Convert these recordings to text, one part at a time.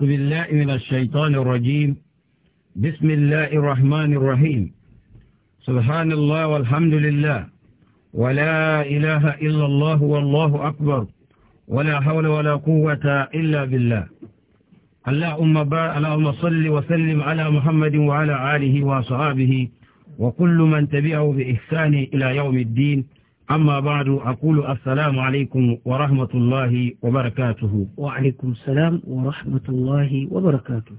بالله من الشيطان الرجيم بسم الله الرحمن الرحيم سبحان الله والحمد لله ولا إله إلا الله والله أكبر ولا حول ولا قوة إلا بالله اللهم اللهم صل وسلم على محمد وعلى آله وصحابه وكل من تبعه بإحسان إلى يوم الدين أما بعد أقول السلام عليكم ورحمة الله وبركاته وعليكم السلام ورحمة الله وبركاته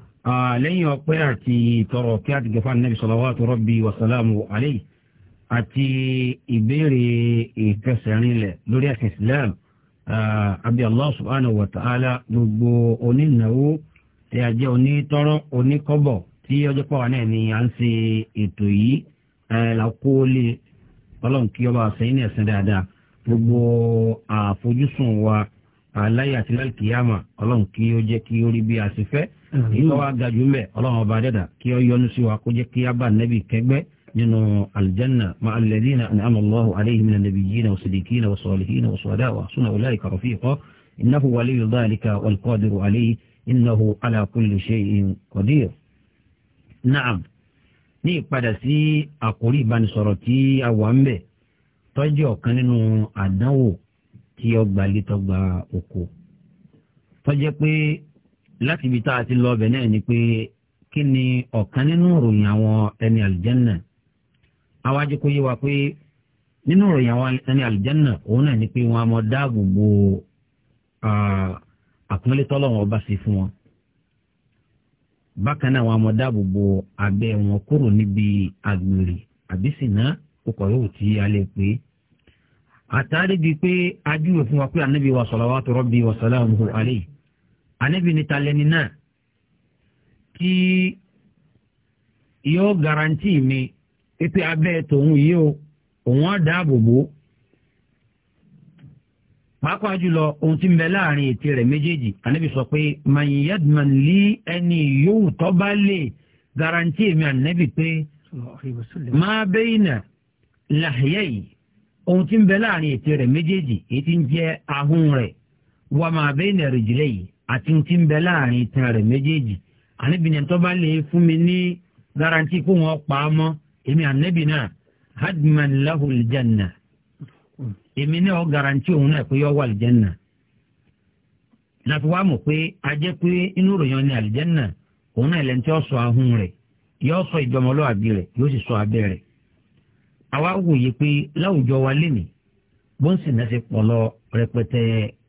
لن يقعت تركات جفان النبي صلوات ربي وسلامه عليه àti ìbéèrè ìfẹsẹ̀rinlẹ̀ lórí ẹ̀sìn islam abi allah subhanahu wa ta'ala gbogbo onínáwó tí a jẹ́ onítọ́rọ́ oníkọ́bọ̀ tí ọjọ́ pàwọn náà ni à ń ṣe ètò yìí làkóólé ọlọ́run kí ọba àṣẹyìn ní ẹ̀sìn dáadáa gbogbo àfojúsùn wa aláyé àti lálùkìyàmà ọlọ́run kí ó jẹ́ kí ó rí bí a ṣe fẹ́ ìlú wa gajú mẹ́ ọlọ́run ọba dẹ́dà kí ó yọ́nú sí wa kó jẹ́ kí á bá nẹ́bì kẹgbẹ́ nínú aljanna ma alẹ́dí na ní alladhina an'ama Allahu alayhim minan nabiyyina was-siddiqina was-salihina was-shuhada'i wa hasuna ulaika rafiqa innahu waliyyu dhalika wal-qadiru alayhi innahu ala kulli shay'in qadir na'am ní ìpadà sí àkórí ìbánisọ̀rọ̀ tí a wà ń bẹ̀ tọ́jú ọ̀kan nínú àdánwò tí ọgbà létọ́gbà oko tọ́jẹ́ pé láti ibi tá a ti lọ ọbẹ̀ náà ni pé kí ni ọ̀kan nínú ìròyìn àwọn ẹni àlùjànnà awájú kó yé wa pé nínú ìròyìn àwọn ẹni àlùjànnà òun náà ni pé wọn a mọ dáàbò bo àpọ́nlé ọba sí fún wọn bákan náà wọn mọ dáàbò bo abẹ́ wọn kúrò níbi àgbèrè àbí sìnà kókò yóò tí a lè àtàrí bíi pé ajúwe fún wa pé anabi wa salawatu rabbi wa salamuhu alayhi anabi ní talẹ́ni náà tí yóò garanti mi pé abẹ́ tòun yìí o òun á dáàbò bò pàápàá jùlọ ohun tí ń bẹ láàrin ètè rẹ̀ méjèèjì ànábì sọ pé mayadman lé ẹni yóò tọ́ bá lè garanti èmi ànábì pé máa bẹ́yìnà làhíyà yìí ohun tí ń bẹ láàrin ètè rẹ̀ méjèèjì èyí tí ń jẹ́ ahun rẹ̀ wà máa bẹ́yìnà rìjìlẹ̀ yìí àti ohun tí ń bẹ láàrin ìtàn rẹ̀ méjèèjì ànábì ni tọ́ bá lè fún mi ní garanti kó wọn pa á mọ́ èmi ànábì náà hadman lahul janna èmi náà ọ garanti òun náà pé yọ wà alìjẹnà láti wá pé a jẹ́ pé inú ròyìn ní alìjẹnà òun náà lẹ́ni tí ó sọ ahun rẹ̀ yóò sọ ìjọmọlúwàbí rẹ̀ yóò sì sọ abẹ́ rẹ̀ àwa wòye pé láwùjọ wa bó ń sì náà ṣe pọ̀ lọ rẹpẹtẹ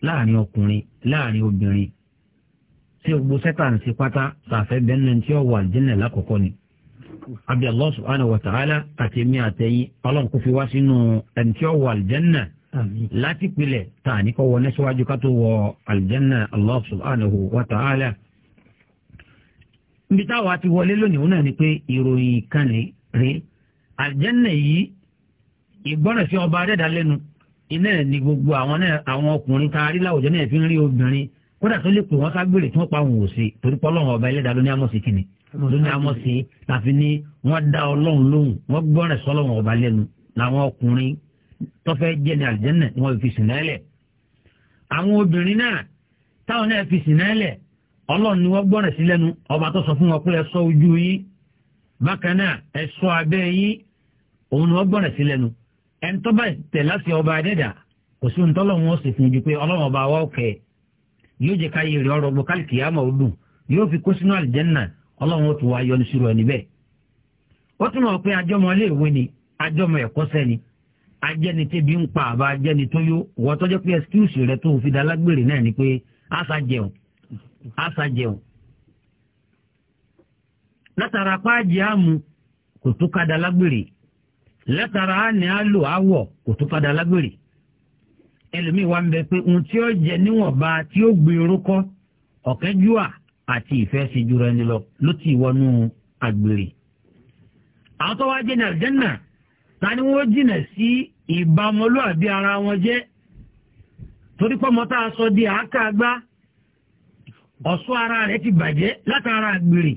láàrin ọkùnrin láàrin obìnrin gbogbo sẹ́tà ń ṣe pátá tàfẹ́ bẹ́ẹ̀ náà tí àbí Allah subhanahu wa ta'ala àti èmi àtẹ̀yìn ọlọ́run kò fi wá sínú ẹni tí ó wọ àlìjẹ́nà láti pilẹ̀ tá a ní kọ́ wọ nẹ́síwájú ká tó wọ àlìjẹ́nà Allah subhanahu wa ta'ala. níbi táwa ti wọlé lónìí òun náà ni pé ìròyìn kan ní rí àlìjẹ́nà yìí ìgbọ́ràn sí ọba adẹ́dá lẹ́nu iná ní gbogbo àwọn ọkùnrin tá a rí láwùjọ náà fi ń rí obìnrin kódà tó lè pè wọ́n ságbèrè tí wọ́n pa òun ò sí torí pé ọba ẹlẹ́dàá ló àmọ́ sí kìnnì lóní àmọ́sí tàfi ní wọ́n dá ọlọ́run lóhùn wọ́n gbọ́rẹ̀ sọ́lọ́run ọba lẹ́nu làwọn ọkùnrin tọ́fẹ́ jẹ́ ní àlìjẹ́nà wọ́n fi sìn náà lẹ̀. àwọn obìnrin náà táwọn náà fi sìn náà lẹ̀ ọlọ́run ni wọ́n gbọ́rẹ̀ sí lẹ́nu ọba tó sọ fún wọn pé ẹ ṣọ́ ojú yín bákan náà ẹ ṣọ́ abẹ́ yín òun ni wọ́n gbọ́rẹ̀ sí lẹ́nu ẹni tó láti ọba adẹ́dà kò sí ohun wọn sì fún ju pé ọlọ́run ọba wa ọ̀kẹ́ yóò jẹ́ ká yèrè ọ̀rọ̀ gbọ́ kálíkì yàmọ̀ ọdún yóò fi kó sínú àlìjẹ́nà ọlọ́run ó tún wá yọnu ẹni bẹ́ẹ̀ ó tún mọ̀ pé ajọ́mọ iléèwé ni ajọ́mọ ẹ̀kọ́ṣẹ́ ni ajẹ́ni tẹ́bi ń pa àbá ajẹ́ni tó yó wọ́n tọ́jọ́ pé ẹ́skíùsì rẹ tó fi dalágbèrè náà ni pé àṣà jẹun àṣà jẹun látara páàjì àmú kò tún ká dalágbèrè látara àní àlò àwọ̀ kò tún ká dalágbèrè ẹlòmíì wá ń bẹ pé ohun tí ó jẹ níwọ̀nba tí ó gbé orúkọ ọ̀kẹ́júà àti ìfẹ́ sí jura ẹni lọ ló ti wọnú àgbèrè. àwọn tó wá jẹ́ ní àlùjànnà ta ni wọ́n jìnà sí ìbámọ́lúàbí ara wọn jẹ́ torí pọ́mọ tá a sọ di àáká gbá ọ̀ṣọ́ ara rẹ̀ ti bàjẹ́ látara àgbèrè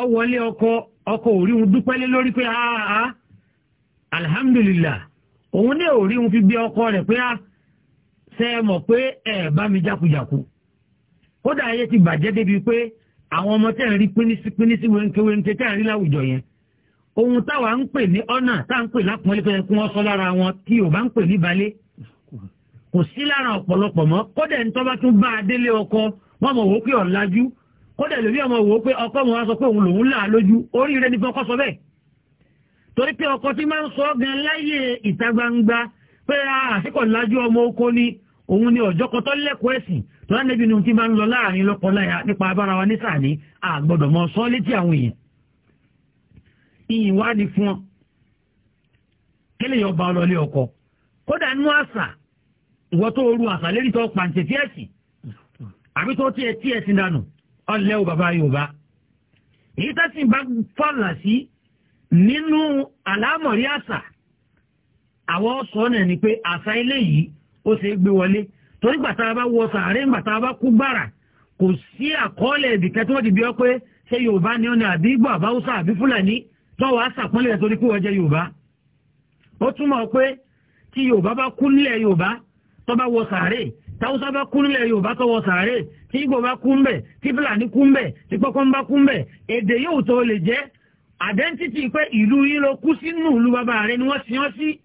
ọwọ́lé ọkọ ọkọ òríhun dúpẹ́lé lórí pé àá alhamdulillah òun ní òríhun fi bí ọkọ rẹ̀ pé a ṣe é mọ̀ pé ẹ̀ bá mi jákujàku kódà ayé ti bàjẹ́ débi pé àwọn ọmọ tẹ̀ ń rí pínísí pínísí wéńké wéńké tẹ̀ ń rí láwùjọ yẹn ohun táwa ń pè ní ọ̀nà tá à ń pè lápọ̀nlé tó kí wọ́n sọ lára wọn tí ò bá ń pè ní balẹ̀ kò sí lára ọ̀pọ̀lọpọ̀ mọ́ kódà ní tọ́ bá tún bá a ọkọ wọn mọ̀ wò ó pé ọ̀làjú kódà lórí ọmọ wò pé ọkọ mọ̀ wá sọ pé òun lòun là á lójú oríire ni fọkọ sọ bẹ́ẹ̀ torí pé ọkọ tí máa ń sọ gan láyé ìta gbangba pé ah, àsìkò lájú ọmọ oko ni òun ni ọ̀jọ́kọ tó lẹ́kọ̀ọ́ ẹ̀sìn tó wá níbi nìhun tí máa ń lọ láàrin lọ́kọláya nípa abára wa nísàní àgbọ̀dọ̀ mọ sọ létí àwọn èèyàn ìyìn wá ní fún ọ kéléyàn ọba ọlọlé ọkọ kódà nú àṣà ìwọ tó ru àṣà lérí tó pàǹtẹ̀ tí ẹ̀sìn àbí tó tiẹ̀ tí ẹ̀sìn dànù ọlẹ́ o bàbá Yorùbá èyí tẹ́sìn bá fàlà sí nínú àlámọ̀rí àṣà àwọn sọ náà ni pé àṣà eléyìí ó ṣe é gbé wọlé torí gbàtà bá wọ sàárè gbàtà bá kú gbàrà kò sí àkọọ́lẹ̀ ìdìkẹ́ tí wọ́n ti bí ọ pé ṣé yorùbá ni ó ní àbí igbó àbáwúsá àbí fúlàní tọ́wọ́ àṣàpọ́nlẹ̀ torí pé wọ́n jẹ́ yorùbá ó túmọ̀ pé tí yorùbá bá kú nílẹ̀ yorùbá tó bá wọ sàárè táwùsá bá kú nílẹ̀ yorùbá tó wọ sàárè tí igbó bá kú ń bẹ̀ tí fúlàní kú ń tí pọ́kọ́ bá kú ń èdè yóò tó lè jẹ́ àdẹ́ntítì pé ìlú yìí ló kú sínú ìlú bàbá rẹ̀ ni wọ́n ti yán sí. Si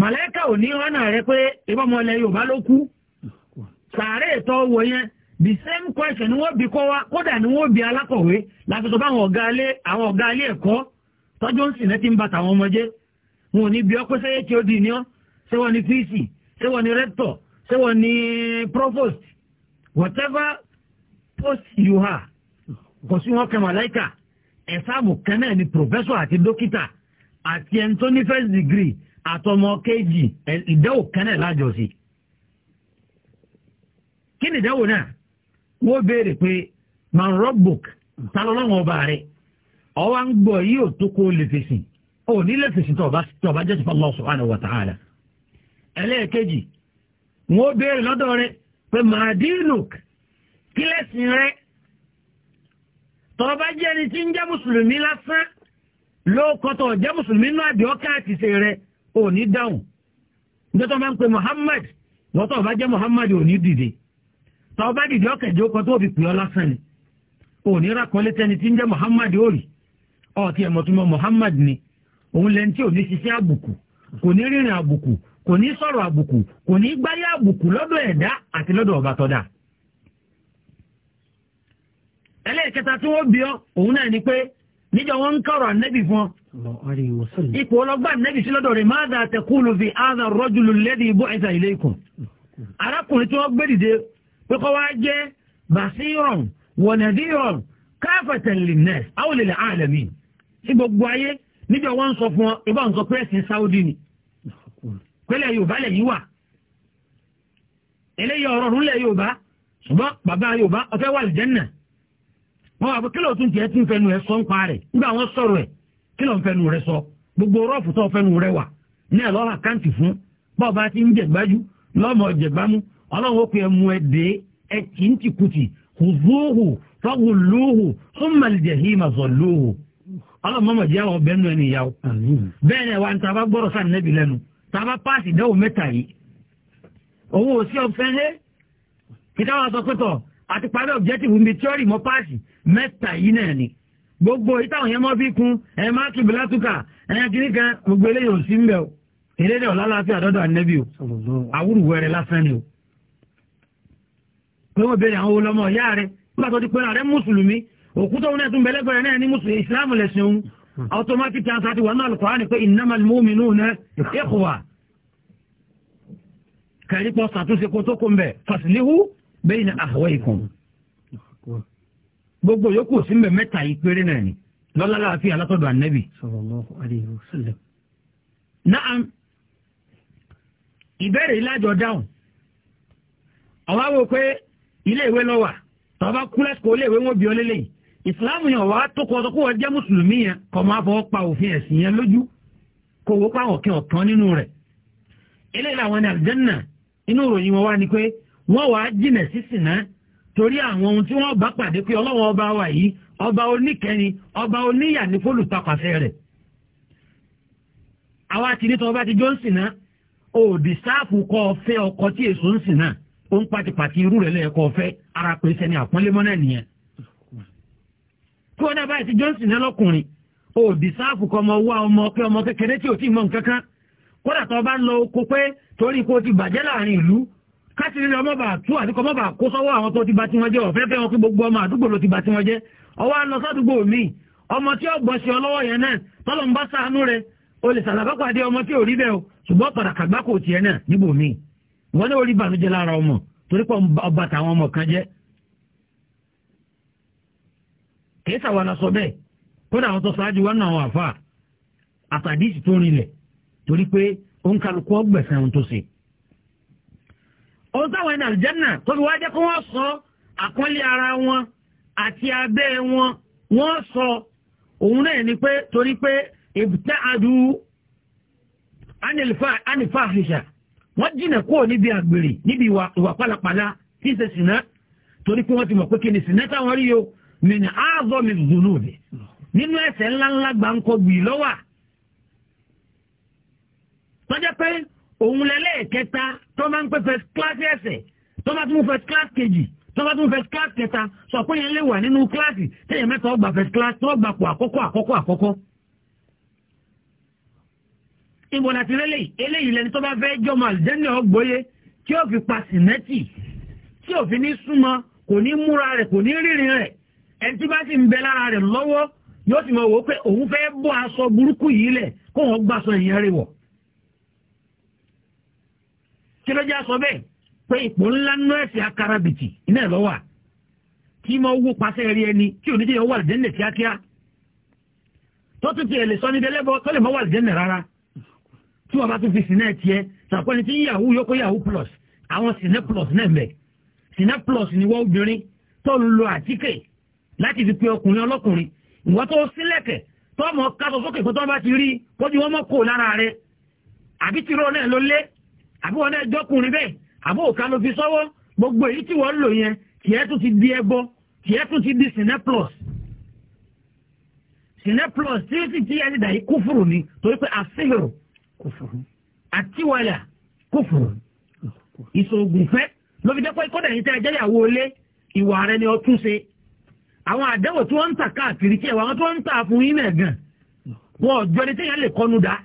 màlẹ́kà ò ní ọ̀nà rẹ pé ìbọ̀mọ̀ ilẹ̀ yorùbá ló kú sàárè ìtọ́ wọ yẹn the same question ni wọ́n bí kọ́ wa kódà ni wọ́n bí alákọ̀wé láfisọ bá àwọn ọ̀gá ilé ẹ̀kọ́ tọ́jú ń sìn lẹ́tí ń bàtà àwọn ọmọdé wọn ò ní bí ọpẹ́ sẹ́yẹ́ tí ó di ní ọ́ ṣé wọ́n ní pc ṣé wọ́n ní rector ṣé wọ́n ní provost whatever post you are kò sí wọn kẹ màláìkà ẹ̀sáàmù kan náà ni professor àti dókítà àti ẹni tó ní first degree àtọmọ kejì ìdánwò kan náà lájọ sí kí ni ìdánwò náà wọ́n béèrè pé man rabbuk ta lọ́lọ́wọ́n ọba rẹ̀ ọwọ́ ń gbọ́ yìí ò tó kó lè fèsì ò ní lè tó ọba jẹ́ ti Allah subhanahu wa ta'ala ẹlẹ́ẹ̀kejì wọ́n béèrè lọ́dọ̀ rẹ̀ pé madinuk kí lẹ́sìn rẹ̀ tọ́ba jẹ́ ni tí ń jẹ́ mùsùlùmí lásán ló kọ́tọ̀ jẹ́ mùsùlùmí náà àbíọ́ká àtìsẹ́ rẹ̀ ò ní dáhùn nítorí wọn bá ń pe Muhammad wọ́n tó bá jẹ́ Muhammad ò ní dìde tó bá dìde ọ̀kẹ́jọ́ kan tó fi pè ọ́ lásán ni tẹni tí Muhammad ó rì ọ̀tí Muhammad ni òun lẹ́ni tí ò ní ṣiṣẹ́ àbùkù kò ní rìnrìn àbùkù kò ní sọ̀rọ̀ àbùkù kò ní gbáyé àbùkù lọ́dọ̀ ẹ̀dá àti lọ́dọ̀ ọba ọ òun náà ni pé níjọ wọn ń kọ̀rọ̀ ànẹ́bì fún ipò ọlọ́gbà ànẹ́bì sí lọ́dọ̀ rẹ̀ máa dà tẹ̀kúlù fi àdà rọ́jùlù lẹ́dí ibú ẹ̀sà ilé ikùn arákùnrin tí wọ́n gbé dìde pé kọ́ wá jẹ́ basiron wọ̀nẹ̀díron káfẹ̀tẹ̀lìnẹ̀ àwòlélẹ̀ àlẹ́mì sí gbogbo ayé níjọ wọn ń sọ fún ọ ibà ń sọ pé ẹ̀sìn Saudi ni pẹ́lẹ̀ Yorùbá lẹ̀ yí eléyìí ọ̀rọ̀ rúnlẹ̀ Yorùbá ṣùgbọ́n bàbá Yorùbá ó fẹ́ wà lìjẹ́nà wọn àbò kí ló tún tiẹ̀ tún fẹnu ẹ sọ ń pa rẹ̀ nígbà wọn sọ̀rọ̀ ẹ̀ kí ló ń fẹnu rẹ̀ sọ gbogbo rọ́ọ̀fù tó fẹnu rẹ̀ wà ní ẹ̀ lọ́ọ́ àkáǹtì fún bọ́ọ̀ bá ti ń jẹ̀gbájú lọ́mọ jẹ̀gbámú ọlọ́run ó pe ẹmu ẹ dé ẹ kì í ti kùtì hùzúhù fọ́gùlúhù súnmọ̀lìjẹ̀hìmà zọ̀lúhù ọlọ́run mọ̀mọ̀ jẹ́ àwọn ọbẹ̀ nù ẹni ìyàwó bẹ́ẹ̀ ni wa ní taba gbọ́dọ̀ sáà nẹ́bi lẹ́nu taba páàsì dẹ́wò mẹ́ta yìí owó òsì ọ̀fẹ́ hẹ́ kí táwọn sọ pé tọ̀ àti parí ọ̀bjẹ́tìfù mi tíọ́rì mọ́ páàsì mẹ́ta yìí náà ni gbogbo ìtàwọn yẹn mọ́ fi kún ẹ má kí bilátúkà ẹ̀yàn kìíní kan gbogbo eléyìí ò sí ń bẹ̀ o eléyìí ọ̀la láti àdọ́dọ̀ ànẹ́bí o àwùrùwẹ̀rẹ̀ lásán ni o. pé wọ́n béèrè àwọn olọ́mọ ọ̀yá rẹ̀ nígbà tó ti pé ààrẹ mùsùlùmí òkú tóun náà tún bẹ̀lẹ́gbẹ̀rẹ̀ náà ní mùsùlùmí ìsìlámù lẹ̀sìn òun automatic answer ti gbogbo yòókù sí mbẹ mẹta yìí péré náà ni a láàfin alátọ́dọ̀ ànẹ́bì. sallallahu alayhi wa sallam. náà ìbéèrè ìlàjọ dáhùn ọ̀wá wo pé ilé ìwé lọ wà tọ́ bá kú lásìkò ilé ìwé wọn bí ọlẹ́lẹ́ yìí ìsìláàmù yẹn wàá tó kọ́ mùsùlùmí yẹn kọ́ pa òfin ẹ̀sìn yẹn lójú kó nínú rẹ̀ eléyìí làwọn ní inú ìròyìn wọn wá ni pé torí àwọn ohun tí wọ́n bá pàdé pé ọlọ́wọ́n ọba wa yìí ọba oníkẹni ọba oníyà ní fólùtàpàṣẹ rẹ̀ àwa ti ní ti jó ń sìn náà sáàfù kọ́ ọ fẹ́ ọkọ tí èso ń sìn náà ó irú rẹ̀ ọ fẹ́ ara pé sẹ́ni àpọ́nlémọ́ náà nìyẹn wọ́n dábàá ti jó ń sìn náà lọ́kùnrin sáàfù kọ́ wá ọmọ ọmọ káti niile ọmọ bá tú àti kọmọ kó sọ́wọ́ àwọn tó ti ba tí wọ́n jẹ́ ọ̀fẹ́fẹ́ wọn kí gbogbo ọmọ àdúgbò ló ti ba tí wọ́n jẹ́ ọwọ́ àlọ́ sádùgbò mi ọmọ tí ó bọ̀ṣẹ̀ ọlọ́wọ́ yẹn náà tọ́lọ̀ ń bá sàánú rẹ o lè sàlàbá pàdé ọmọ tí ò rí bẹ́ẹ̀ o ṣùgbọ́n padà kàgbá kò tiẹ̀ náà mi wọ́n ní orí lára ọmọ torí ohun táwọn ẹni àlùjànnà tó fi wá jẹ́ kó wọ́n sọ àkọ́lé ara wọn àti abẹ́ wọn wọ́n sọ òun náà ni pé torí pé èbúté adu anifa àfihàn wọ́n jìnà kúrò níbi àgbèrè níbi ìwà pálapàla tí ń ṣe sìnà torí pé wọ́n ti mọ̀ pé kí ni sìnà táwọn rí o mìíràn áàzọ́ mi dùnú mi nínú ẹ̀ṣẹ̀ ńláńlá gbàǹkọ gbì lọ́wà. tọ́jà pé òun lẹ́lẹ́ẹ̀kẹta tó máa ń pẹ́ first class ẹ̀sẹ̀ tó máa tún first class kejì tó máa tún first class kẹta sọ pé yẹn lè wà nínú kíláàsì téèyàn mẹ́ta ọgbà first class tó gbà pọ̀ àkọ́kọ́ àkọ́kọ́ àkọ́kọ́. ìbọn àti eléyìí eléyìí lẹni tó bá fẹ́ jọmọ àlùjẹ́ni ọgbọ́yé tí ó fi pa sìmẹ́tì tí ò fi ní súnmọ́ kò ní múra rẹ̀ kò ní rírin rẹ̀ ẹni tí bá sì ń bẹ lára rẹ̀ lọ́wọ́ yóò kí ló jẹ́ sọ bẹ́ẹ̀ pé ipò ńlá nínú ẹ̀sìn akarabìtì iná ẹ̀ lọ́wà kí mọ owó pàṣẹ rí ẹni tí ò ní jẹ́ wà lẹ́nẹ̀ kíákíá tó tún ti ẹ̀lẹ́sọ́ ní délẹ́bọ tó lè mọ́ wà lẹ́nẹ̀ rárá tí wọ́n bá tún fi sinẹ́ tiẹ̀ sàpẹ́ni tí yahoo yókó yahoo plus àwọn sinẹ́ plus náà mẹ́ sinẹ́ plus ni wọ́n obìnrin tó ń lo àtíkè láti fi pe ọkùnrin ọlọ́kùnrin ìwọ́ tó sílẹ̀kẹ̀ tó mọ̀ kásọ̀ sókè kó tó bá ti rí kó ju wọ́n mọ̀ kó lára rẹ̀ àbí tìrọ̀ náà ló lé àbí wọn náà jọkùnrin bẹ́ẹ̀ àbí òkà ló fi sọ́wọ́ gbogbo èyí tí wọ́n lò yẹn tiẹ̀ tún ti di ẹbọ tiẹ̀ tún ti di sineplus sineplus tí ó sì ti yá dídà yìí kúfùrù ni torí pé àfihàn kúfùrù àtiwálà kúfùrù ìṣòògùn fẹ́ ló fi dẹ́pọ̀ kódà yìí tẹ́ ẹ jẹ́yàwó ilé ìwà rẹ ni ó tún ṣe àwọn àdẹ́wò tí wọ́n ń tà káàkiri tí ẹ̀wà wọn tí wọ́n ń tà fún yín náà gan wọn ò jọ ní téèyàn lè kọ́nu dáa.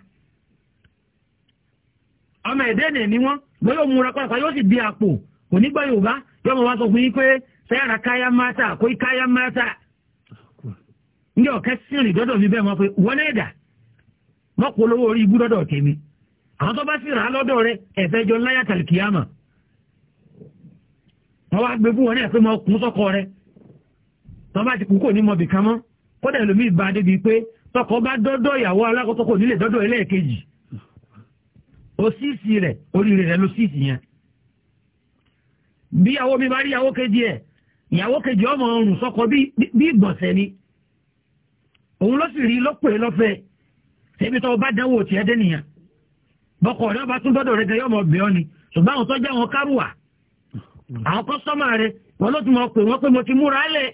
ọmọ ẹ̀dẹ́nì ni wọ́n bó yóò múra pàápàá yóò sì di àpò kò ní gbọ́ yorùbá yóò mọ̀ wá sọ fún yín pé sẹ́yàrá káyá mata kó yí káyá máta ní ọ̀kẹ́ sírìn dọ́dọ̀ mi bẹ́ẹ̀ mọ́ pé wọ́n náà dà wọ́n polówó orí ibú dọ́dọ̀ tèmi àwọn tó bá sì rà á lọ́dọ̀ rẹ ẹ̀fẹ́ jọ láyà tàlìkìyàmà wọ́n wá gbé fún wọn ní ẹ̀fẹ́ mọ́ kún sọ́kọ o síìsì rẹ̀ oríire rẹ̀ ló síìsì yẹn bí ìyàwó mi bá rí ìyàwó kejì ẹ̀ ìyàwó kejì ọmọ ọrùn sọkọ bí ìgbọ̀nsẹ̀ ni òun ló sì rí lọ́pẹ̀ lọ́fẹ̀ẹ́ ṣébi tó o bá dánwò tí ẹ dé nìyẹn bọ́kọ̀ ọ̀dọ́ bá tún dọ́dọ̀ rẹ̀ gẹ́gẹ́ ọmọ ọbẹ̀ ọ́ ni ṣùgbọ́n àwọn tó jẹ́ àwọn kárùwà àwọn kọ́sọ́mà rẹ̀ wọ́n ló ti mọ̀ pé wọ́n pé mo ti múra lẹ̀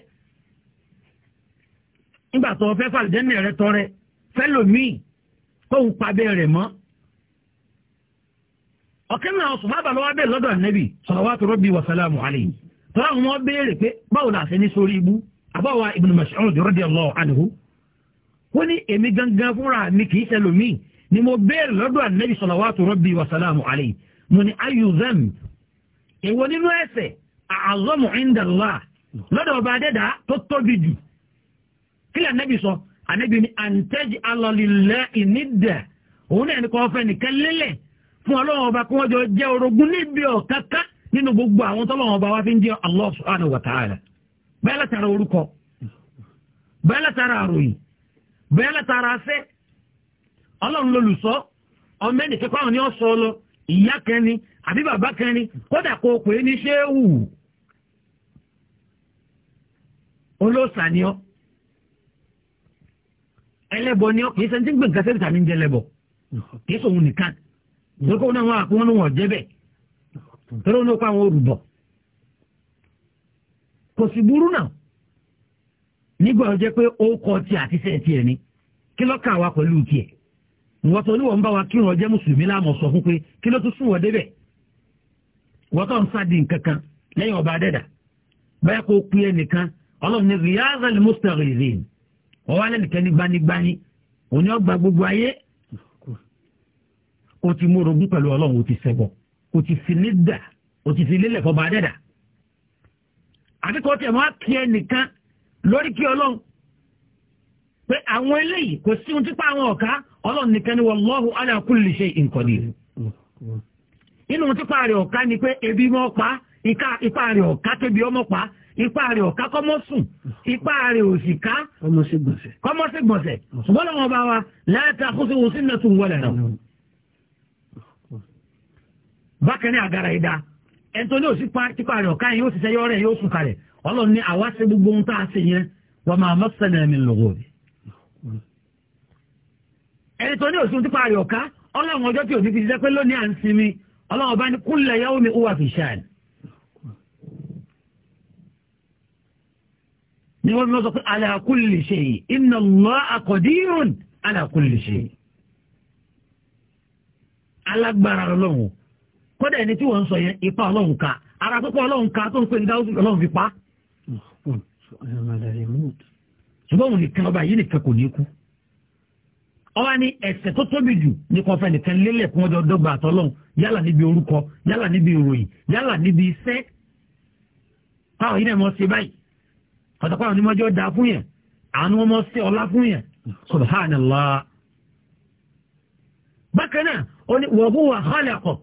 nígbà tó fẹ́ fàlùjẹ́nì rẹ̀ tọrẹ fẹ́lòmíì tóun pabẹ́ rẹ̀ mọ́ ọ̀kẹ́ náà sùn má bàbá wa bẹ́ẹ̀ lọ́dọ̀ nẹ́bì salawatu rabbi wa salamu alayhi tọ́lá wọn béèrè pé báwo la ṣe ní sórí ibú àbáwa ibn Mas'ud radiyallahu anhu wọ́n ní èmi gangan fúnra mi kì í ṣẹlòmíì ni mo béèrè lọ́dọ̀ ànẹ́bí salawatu rabbi wa salamu alayhi mo ní ayu zam èwo nínú ẹ̀ṣẹ̀ a'azamu inda fún ọlọ́run ọba kí wọ́n jọ jẹ́ orogún níbi ọ̀káká nínú gbogbo àwọn tọ́lọ́run ọba wa fi ń jẹ́ Allah subhanahu wa ta'ala bẹ́ẹ̀ látara orúkọ bẹ́ẹ̀ látara àròyìn bẹ́ẹ̀ látara afẹ́ ọlọ́run lolùsọ ọmọ ẹnì kẹ́kọ́ àwọn ni lọ ìyá pè é dọ́kọ̀ náà wọn àpọ́n wọn jẹ́bẹ̀ tọ́lọ́ ní ó pa àwọn olùbọ̀ kò sì burú náà nígbà ó jẹ́ pé ó kọ ti àtisẹ́ tiẹ̀ ni kí ló kà wá pẹ̀lú tiẹ̀ wọ́n tó níwọ̀n bá wa kí wọ́n jẹ́ mùsùlùmí láàmú sọ fún pé kí ló tún sùn wọ́n débẹ̀ wọ́n tó ń sáàdì kan lẹ́yìn ọba adẹ́dà báyà kó ọlọ́run ní alẹ́ nìkan ní gbanigbani òní ọgbà gbogbo ayé o ti mórogún pẹ̀lú ọlọ́run o ti ṣẹbọ o ti fi lédà o ti fi lélẹ̀ fọba adẹ́dà àdìkọ́ tiẹ̀ máa kí ẹ nìkan lórí kí ọlọ́run pé àwọn eléyìí kò sí ohun típa àwọn ọ̀ká ọlọ́run nìkan ni wallahu ala kulli shay'in qadir inú ohun típa rẹ̀ ọ̀ká ni pé ebi mọ́ pa ipa rẹ̀ ọ̀ká kébi ọmọ pa ipa rẹ̀ ọ̀ká kọ́mọ́ sùn ipa rẹ̀ òsì ká kọ́mọ́ sí gbọ̀nsẹ̀ ṣùgbọ́n lọ́wọ́ bá wa la ta'khuzuhu sinnatun wala nawm bákan ní àgàrà ìdá ẹni tó ní òsì tipa rẹ̀ ọ̀ká yẹn yóò ṣiṣẹ́ yọ́rẹ̀ yóò sùn kalẹ̀ ọlọ́run ní àwa ṣe gbogbo ohun tá a ṣe yẹn wà máa mọ́ sẹ́nẹ̀ mi lọ́wọ́ rẹ̀. ẹni tó ní òsì tipa rẹ̀ ọ̀ká ọlọ́run ọjọ́ tí òsì fi ṣiṣẹ́ pé lónìí à ń sinmi ọlọ́run ọba ní kulla yawmi huwa fi sha'n. ni wọ́n sọ pé ala kulli shay inna kọ́dà ẹni tí wọ́n ń sọ yẹn ipa ọlọ́run ká ara pípa ọlọ́run ká tó ń pè ní dáwọ́sì ọlọ́run fi pa. ṣùgbọ́n òun nìkan ọba yìí nìkan kò ní kú. ọba ní ẹ̀ṣẹ̀ tó tóbi jù ní kọfẹ́ nìkan lélẹ̀ kún ọjọ́ dọ́gba àtọ́lọ́run yálà níbi orúkọ yálà níbi ìròyìn yálà níbi iṣẹ́ táwọn yìí náà mọ̀ ṣe báyìí ọ̀tọ̀páwọn onímọ̀jọ́ da fún yẹn àánú wọn mọ̀ ṣe ọlá fún yẹn subhanallah. bákan náà ó ní wa huwa khalaqak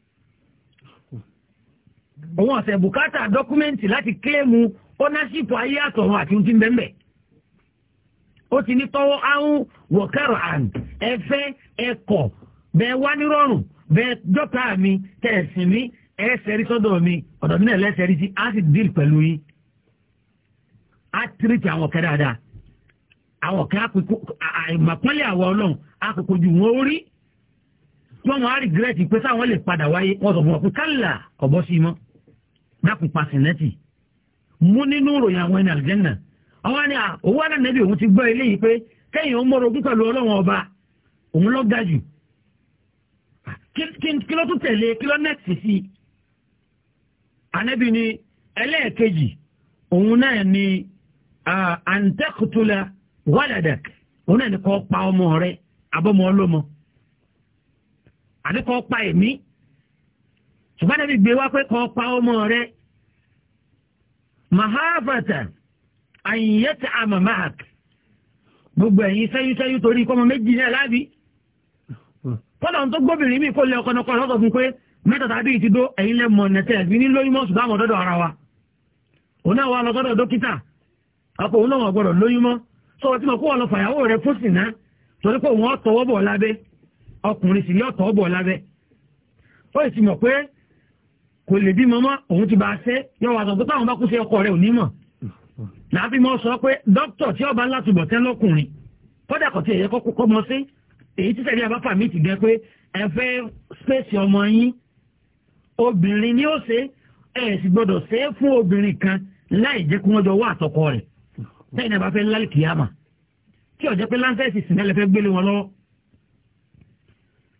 òun ọ̀sẹ̀ bùkátà dọ́kúmẹ́ǹtì láti kílẹ̀mù ọ́náṣípù ayé àtọ̀run àti ohun tí ń bẹ́ẹ̀ bẹ́ẹ̀ ó ti ní tọ́wọ́ áhùn wọ̀kẹ́rọ̀ àn ẹ̀fẹ́ ẹ̀kọ́ bẹ́ẹ̀ wá nírọ̀rùn bẹ́ẹ̀ dọ́kà mi tẹ̀sìn mi ẹ̀ẹ́sẹ̀ rí sọ́dọ̀ mi ọ̀dọ̀ mi náà lẹ́sẹ̀ rí sí á sì díl pẹ̀lú yín á tírìtì àwọn ọ̀kẹ́ dáadáa àwọn ọ̀kẹ́ àìmọ̀pọ́nlé àwọ̀ ọlọ́run àkókò wọn ó rí tí wọ́n mọ̀ á rìgírẹ́tì pé sáwọn lè padà wáyé wọ́n sọ fún ọ pé kálà ọ̀bọ sí i mọ́ dákun pa sìnẹ́tì mú nínú ìròyìn àwọn ẹni àlùjẹ́nà ọwọ́ ni owó ànàbí òun ti gbọ́ eléyìí pé kẹ́yìn ó mọ̀rọ̀ ogún pẹ̀lú ọlọ́wọ́n ọba òun ló ga jù kí ló tún tẹ̀lé kí ló nẹ́ẹ̀tì sí i ànàbí ni ẹlẹ́ẹ̀kejì òun náà ni àǹtẹ́kùtùlà wàdàdàk òun náà ni kọ́ pa ọmọ rẹ abọ́mọ ọlọ́mọ àdékọ́ pa ẹ̀mí. E ṣùgbọ́n níbi gbé wá pé kan pa ọmọ rẹ mahafata àyìnyẹ́tà àmà gbogbo ẹ̀yin sẹ́yúsẹ́yú torí kọ́mọ méjì náà lábí kọ́dọ̀ tó gbóbìnrin mi kó lé ọkọ nọkọ lọ́sọ̀ fún pé mẹ́ta tàbí ti dó ẹ̀yin lẹ́ mọ̀ nẹ́tẹ̀ ní lóyún mọ́ ṣùgbọ́n ara wa òun náà sọ kó lọ fàyàwó rẹ fún sìnà torí pé òun lábẹ́ ọkùnrin sì ní lábẹ́ kò lè bí mọ́mọ́ òun ti bá a ṣe yọ wà sọ pé táwọn bá kú sí ọkọ rẹ̀ ò ní mọ̀ nàbí mo sọ pé dókítà tí ọba ńlá tubọ̀ tẹ́ lọ́kùnrin kọ́dà kò tí ẹ̀yẹ kọ́ mọ sí èyí tí sẹ́yìn abáfà mi ti gẹ́ pé ẹ fẹ́ spéèsì ọmọ yín obìnrin ni ó ṣe ẹ sì gbọ́dọ̀ ṣe é fún obìnrin kan láì jẹ́ kí wọ́n jọ wá àtọkọ rẹ̀ sẹ́yìn abáfẹ́ lálẹ́ kìámà tí ọ̀jẹ́ pé láńsẹ́sì sì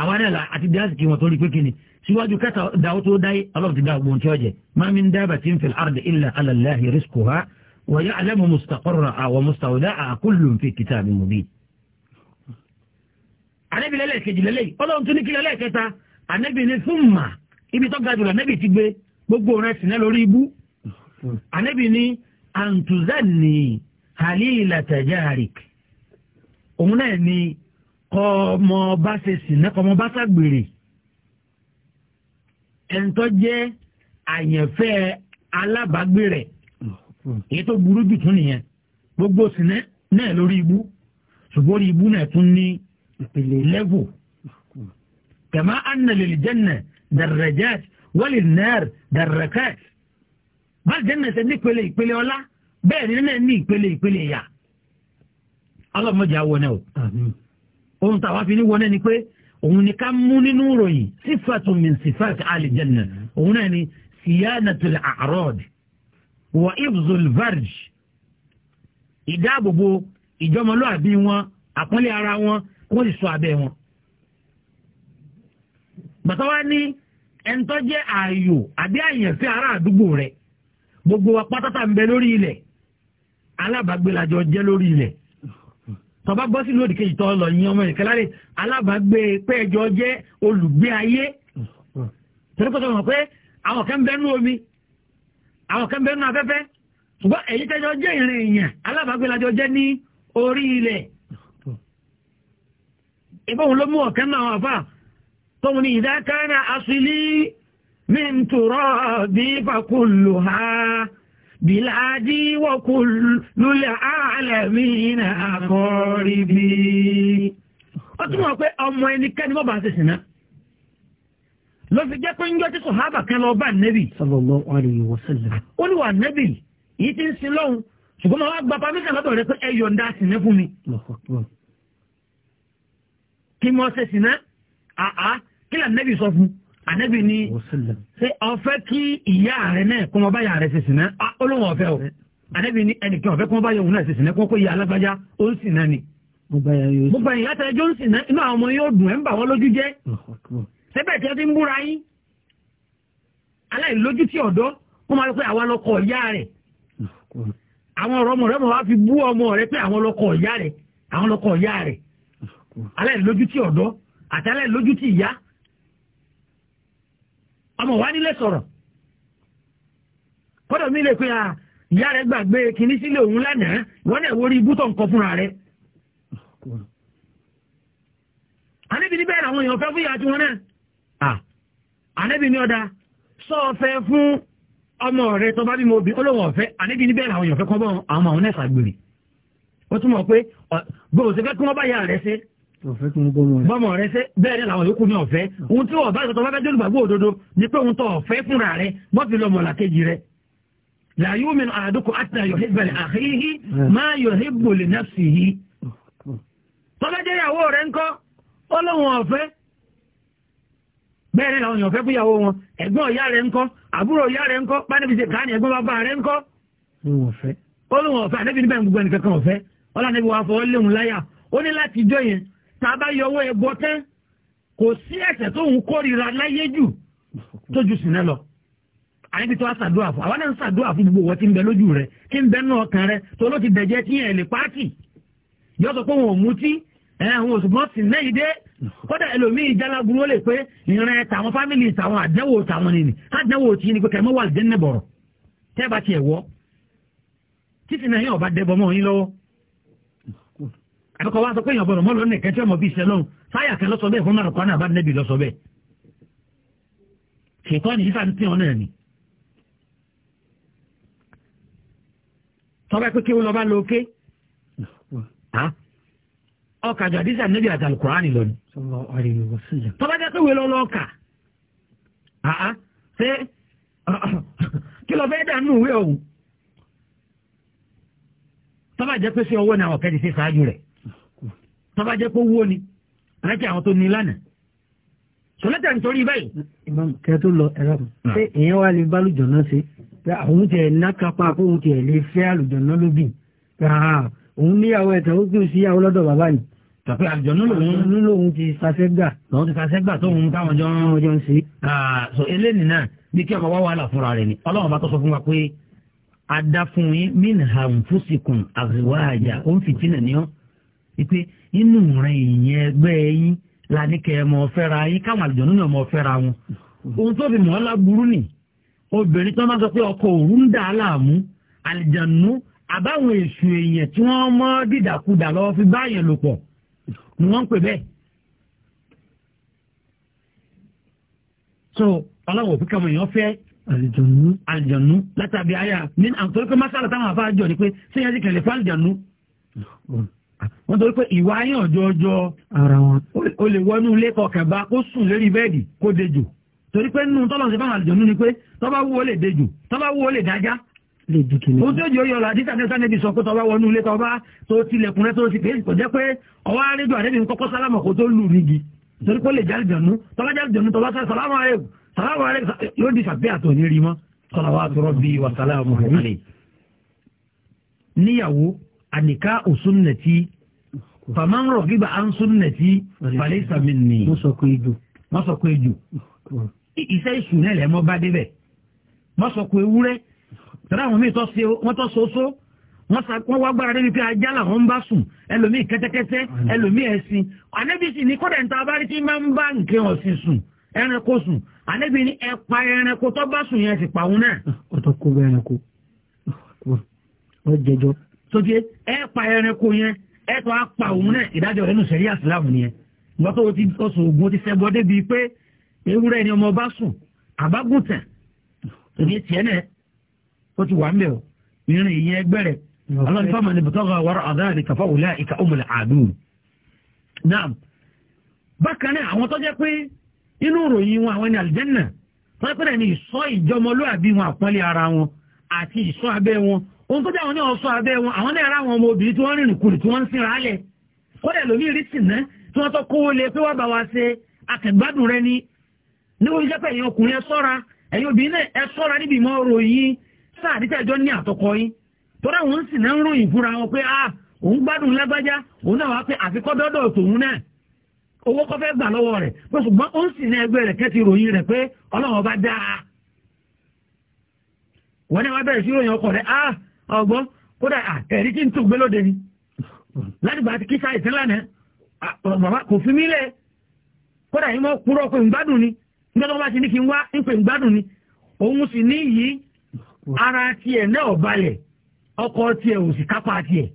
àwọn arẹ́là àti dáàsìkì wọn torí pé kíni síwájú kẹta dáwọ́ tó dáyé ọlọ́run ti dá ọgbọ̀n tí ó jẹ ma min dabbatin fil ardi illa ala Allahi rizquha wa ya'lamu mustaqarraha wa mustawda'aha kullun fi kitabin mubin. ànábì lẹ́lẹ̀ kejì lẹ́lẹ̀ ọlọ́run tún ní kí lẹ́lẹ̀ kẹta ànábì ní thumma ibi tó ga jùlọ ànábì ti gbé gbogbo rẹ̀ kọ́ ọmọ ọba ṣe sìnà kọ́ ọmọ ọba ṣàgbèrè ẹ̀ńtọ́ jẹ́ àyànfẹ́ alábàágbé rẹ̀ èyí tó burú jù tún nìyẹn gbogbo sìnà náà lórí ibú ṣùgbọ́n orí ibú náà tún ní lẹ́vù kama anna lil janna darajat walin nar darakat bá janna ṣe ní ìpele ìpele ọlá bẹ́ẹ̀ ni náà ní ìpele ìpele ìyà ọlọ́mọdé àwọn náà ohun tàwa fi ní wọlé ni pé òun ni ká mú nínú ìròyìn sífàtún min sífàtún àlìjẹnà òun náà ni siyanatul a'rad wa ibzul varj ìdáàbòbò ìjọmọlúàbí wọn àpọ́nlé ara wọn wọ́n sì sọ abẹ́ wọn. bàtà wa ní ẹnitọ́ jẹ́ ààyò àbí àyànfẹ́ ará àdúgbò rẹ̀ gbogbo wa pátátà ń bẹ lórí ilẹ̀ alábàágbélajọ jẹ́ lórí ilẹ̀ tọba bọ́ sílùú òdìkejì tọ́ lọ yín ọmọ ìkẹlá rẹ̀ alábàágbé péjọ jẹ́ olùgbé ayé torí kọ́tọ̀ mọ̀ pé àwọn kan bẹ́ẹ̀ nú omi àwọn kan bẹ́ẹ̀ nú afẹ́fẹ́ ṣùgbọ́n èyí tẹ́jọ jẹ́ ìrìn èèyàn alábàágbé lájọ jẹ́ ní orí ilẹ̀ ìbọn ló mú ọ̀kan náà wà fà tóun ní ìdákàrà asìlí min turabi fa kulluha. بلادي وكل العالمين أقاربي ó túnmọ̀ pé ọmọ ẹnikẹ́ni mọ́ bá ṣe ṣìnà ló fi jẹ́ pé ń jọ́ tí sọ̀hábà kan lọ bá nẹ́bì sallallahu alaihi wasallam ó ní wà nẹ́bì yìí ti ń sin lọ́hùn ṣùgbọ́n máa gba kí mo ṣe ṣìnà àá kí là nẹ́bì sọ fún ànábì ni ṣe ọ̀fẹ́ kí ìyá rẹ̀ náà kọ́ wọn bá yà rẹ̀ ṣe sìn náà olóhùn ọ̀fẹ́ o ànábì ni ẹnìkan ọ̀fẹ́ kọ́ wọn bá yà òun náà ṣe sìn náà kọ́ kó ìyá alágbájá ó ń sìn náà ni. gbogbo ìyá tẹ ẹjọ́ ń sìn náà inú àwọn ọmọ yóò dùn ẹ̀ ń bà wọ́n lójú jẹ́ síbẹ̀ tí wọ́n ti ń búra yín aláìlójú tí ọ̀dọ́ wọ́n máa lọ pé àwa lọkọ̀ ìyá rẹ̀ àwọn ọ̀rọ̀ ọmọ rẹ̀ mọ̀ wá fi bú ọmọ rẹ̀ pé àwọn lọkọ̀ ìyá rẹ̀ àwọn lọkọ̀ ìyá rẹ̀ aláìlójú tí ọ̀dọ́ àti aláìlójú tí ìyá ọmọ wa nílé sọ̀rọ̀ kọ́dọ̀ mi lè pe à ìyá rẹ̀ gbàgbé kinní sílé òun lánàá ìwọ́n náà wọ́n rí ibú tó ń kọ fúnra rẹ̀. àníbi níbẹ̀ làwọn èèyàn fẹ́ fún ìyá tiwọn náà àníbi ní ọ̀dà sọ fẹ́ fún ọmọ rẹ̀ tó bá bímọ obì olóhùn ọ̀fẹ́ àníbi níbẹ̀ làwọn èèyàn fẹ́ kọ́ bọ́ àwọn àwọn náà ṣàgbèrè ó túmọ̀ pé gbòòsì fẹ́ kí wọ́n bá yà rẹ̀ ṣe ọ̀fẹ́ tó ń bọ́ mọ́ rẹ̀. bọ́mọ̀ rẹ ṣe bẹ́ẹ̀ ni làwọn yòókù ní ọ̀fẹ́ mm. ohun tí ọ̀bá ìṣọ̀tọ̀ bá fẹ́ jẹ́ olùgbàgbọ́ òdodo ni pé ohun tó ọ̀fẹ́ fúnra rẹ bọ́ fi lọ mọ̀lá kejì rẹ. la yu'minu ahadukum hatta yuhibba li akhihi mm. ma yuhibbu li nafsihi. tọ́lájẹ́ ìyàwó rẹ̀ ńkọ́ ọlọ́run ọ̀fẹ́ bẹ́ẹ̀ ni làwọn èèyàn fẹ́ fún ìyàwó wọn ẹ̀gbọ́n ìyá rẹ̀ ńkọ́ àbúrò ìyá rẹ̀ ńkọ́ bánibí ní ẹ̀gbọ́n bàbá rẹ̀ ńkọ́ ní tàbá yọwọ́ ẹbọ tán kò sí ẹ̀ṣẹ̀ tó ń kórìíra láyé jù tójú sìnà lọ àyẹ̀bí tó wá ṣàdúrà fún àwọn náà ń ṣàdúrà fún gbogbo wọn tí ń bẹ lójú rẹ tí ń bẹ nù ọkàn rẹ tó ló ti dẹ̀jẹ̀ tí ẹ̀ lè pààtì yọ sọ pé wọn ò mutí ẹ̀hún òṣùgbọ́n sì náà yìí dé kódà ẹlòmíì jalagun ó lè pé ìrìn tàwọn fámìlì tàwọn àdánwò tàwọn nìyí àdánwò tí ni pé kẹmọ́ wà lẹ́nẹ̀ bọ̀rọ̀ tẹ́ bá tiẹ̀ wọ́ títí náà yín lọ́wọ́ ẹ̀kọ́ wa sọ pé èèyàn bọ̀rọ̀ mọ́ lónìí kẹ́tí ọmọ bíi sẹ́lọ́n sáyà kẹ́ lọ́sọ bẹ́ẹ̀ fún náà kọ́nà bá nẹ́bí lọ́sọ bẹ́ẹ̀ ṣètọ́ ni yíṣà ń tẹ̀ ọ́ náà ni. tọ́ba pé kí wọ́n lọ bá lo ké ọkà jàdísà nẹ́bí àtàlùkùránì lọ ni. tọ́ba jẹ́ pé wọ́n lọ lọ́ọ̀kà ṣé kí lọ fẹ́ dànù ìwé ọ̀hún tọ́ba jẹ́ pé sí ọwọ́ ni àwọn kẹ́ni tó bá jẹ́ pé owó ni rántí àwọn tó ní lánàá sọlẹ́tà nítorí báyìí. ìmọ̀mù kẹ́ tó lọ ẹ̀rọ mi pé èèyàn wá lè bá àlùjọ náà ṣe pé àwọn tiẹ̀ nákàpá pé òun tiẹ̀ lè fẹ́ àlùjọ náà lóbì òun níyàwó ẹ̀tàn ó kìí síyàwó lọ́dọ̀ bàbá ni. tàbí àlùjọ náà lòun lòun ti sasẹ́gbà. lòun ti sasẹ́gbà tó òun táwọn jọ ń jọ ń ṣe. sọ eléyìí náà bí kí ọmọ wá wàhálà fúnra rẹ̀ ni ọlọ́run bá tó sọ fún wa pé adá fún yín mí inú rẹ̀ ìyẹn ẹgbẹ́ yín la ní kẹ́ ẹ mọ̀ fẹ́ra yín káwọn àlùjọ̀nú náà mọ̀ fẹ́ra wọn. ohun tó fi mọ̀ ọ́ láburú nì obìnrin tó máa sọ pé ọkọ òru ń dà á láàmú àlùjọ̀nú àbáwọn èṣù èèyàn tí wọ́n mọ́ dìdàkudà lọ́wọ́ fi báyẹn lò pọ̀ ni wọ́n ń pè bẹ́ẹ̀. so ọlọ́wọ́ òfin kàwọn èèyàn fẹ́ àlùjọ̀nú àlùjọ̀nú látàbí àyà ní àǹtọ́rí pé másàlá táwọn àfáàjọ ni pé sẹ́yìn àti kẹ̀lẹ́ fún àlùjọ̀nú wọ́n torí pé ìwà ayàn jọjọ ara wọn o lè wọnú ilé kọkàn bá kó sùn lórí bẹ́ẹ̀dì kó dejò torí pé nínú tọ́lọ̀ sí fáwọn àlùjọ̀nú ni pé tọ́ba wú ó lè dejò tọ́ba wú ó lè dájá ohun tí ó jẹ́ oyè ọ̀la àdìsá ní sànẹ́bí sọ pé tọ́ba wọnú ilé tọ́ba tó tilẹ̀kùn rẹ tó ti pè é kò jẹ́ pé ọwọ́ arédò àdébí ń kọ́kọ́ sálámọ̀ kó tó lù nígi torí pé ó lè jálìjọ̀nú tọ́ba jálìjọ̀nú tọ́ba sálámọ̀ àrẹ́gù sálámọ̀ àrẹ́gù yóò di sàbẹ́ àtọ̀ ní rí mọ́ sọ̀rọ̀ wa tọrọ bíi Anika òsúnnẹ̀tì faman ragiba an sunnati falaysa minni. wọ́n sọ pé ejò. wọ́n sọ pé ejò. iṣẹ́ ìsùn náà lẹ́mọ́ bá débẹ̀. wọ́n sọ pé ewúrẹ́. tẹ̀lé àwọn míì wọ́n tọ́ soso. wọ́n wá gbára débi pé ajá làwọn ń bá sùn. ẹlòmíì kẹ́tẹ́kẹ́tẹ́ ẹlòmíì ẹ̀sìn. ànẹ́bísì ní kọ́dà níta abárí tí máa ń bá nǹkan ọ̀sìn sùn ẹranko sùn. ànẹ́bí ni ẹ pa ẹranko tó bá sùn yẹn sì pàwọn náà. ọ̀tọ̀ kó bẹ ẹranko. wọ́n jẹjọ́ sóde ẹ pa ẹranko yẹn ẹ tó á pa òun náà ìdájọ́ rẹ̀ nù sẹ́rí àsìlámù nìyẹn ìgbà tó ti oṣù ogun ti sẹ́gbọ́ débi pé ewúrẹ́ ni ọmọ ọba sùn àbágùntàn sóde tiẹ̀ náà ó ti wà ń bẹ̀ o ìrìn ìyẹn ẹgbẹ́ rẹ̀ ọlọ́run fáwọn ẹni bùtọ́ wọ́rọ̀ àdáàrí kàfọ́ òlà ìka òmùlẹ̀ àdùn náà bákan náà àwọn tó pé inú ìròyìn wọn àwọn ẹni àlìjẹ́nà tọ́jú pé ní ìsọ ìjọmọlúwàbí wọn àpọ́nlé ara wọn àti ìsọ abẹ́ wọn ohun tó dáwọn ní sọ abẹ́ wọn àwọn náà ráwọn ọmọ obìnrin tí wọ́n rìnrìn kùrì tí wọ́n ń sinra alẹ̀ kódà lómi rí sì ná tí wọ́n tó kówó lé pé wọ́n bá wa ṣe akẹ̀gbádùn rẹ ni níwọ̀n jẹ́ pé ẹ̀yin ọkùnrin ẹ sọ́ra obìnrin náà ẹ níbi ìmọ̀ ọ̀rọ̀ yìí sáà àdìtẹ́ ẹjọ́ ní àtọkọ yín tọ́ra wọn ń sìn náà ń ròyìn fúnra wọn pé gbádùn ọgbọ́n kódà ẹ̀rí tí ń tún gbélóde ni láti bá ti kí sáyẹ̀ bàbá kò fi mí lẹ̀ kódà mọ́ kúrọ́ pé ń gbádùn ni nígbà bá ti ní kí n gbádùn ni òun sì ní yìí ara tiẹ̀ náà balẹ̀ ọkọ tiẹ̀ ò sì kápá tiẹ̀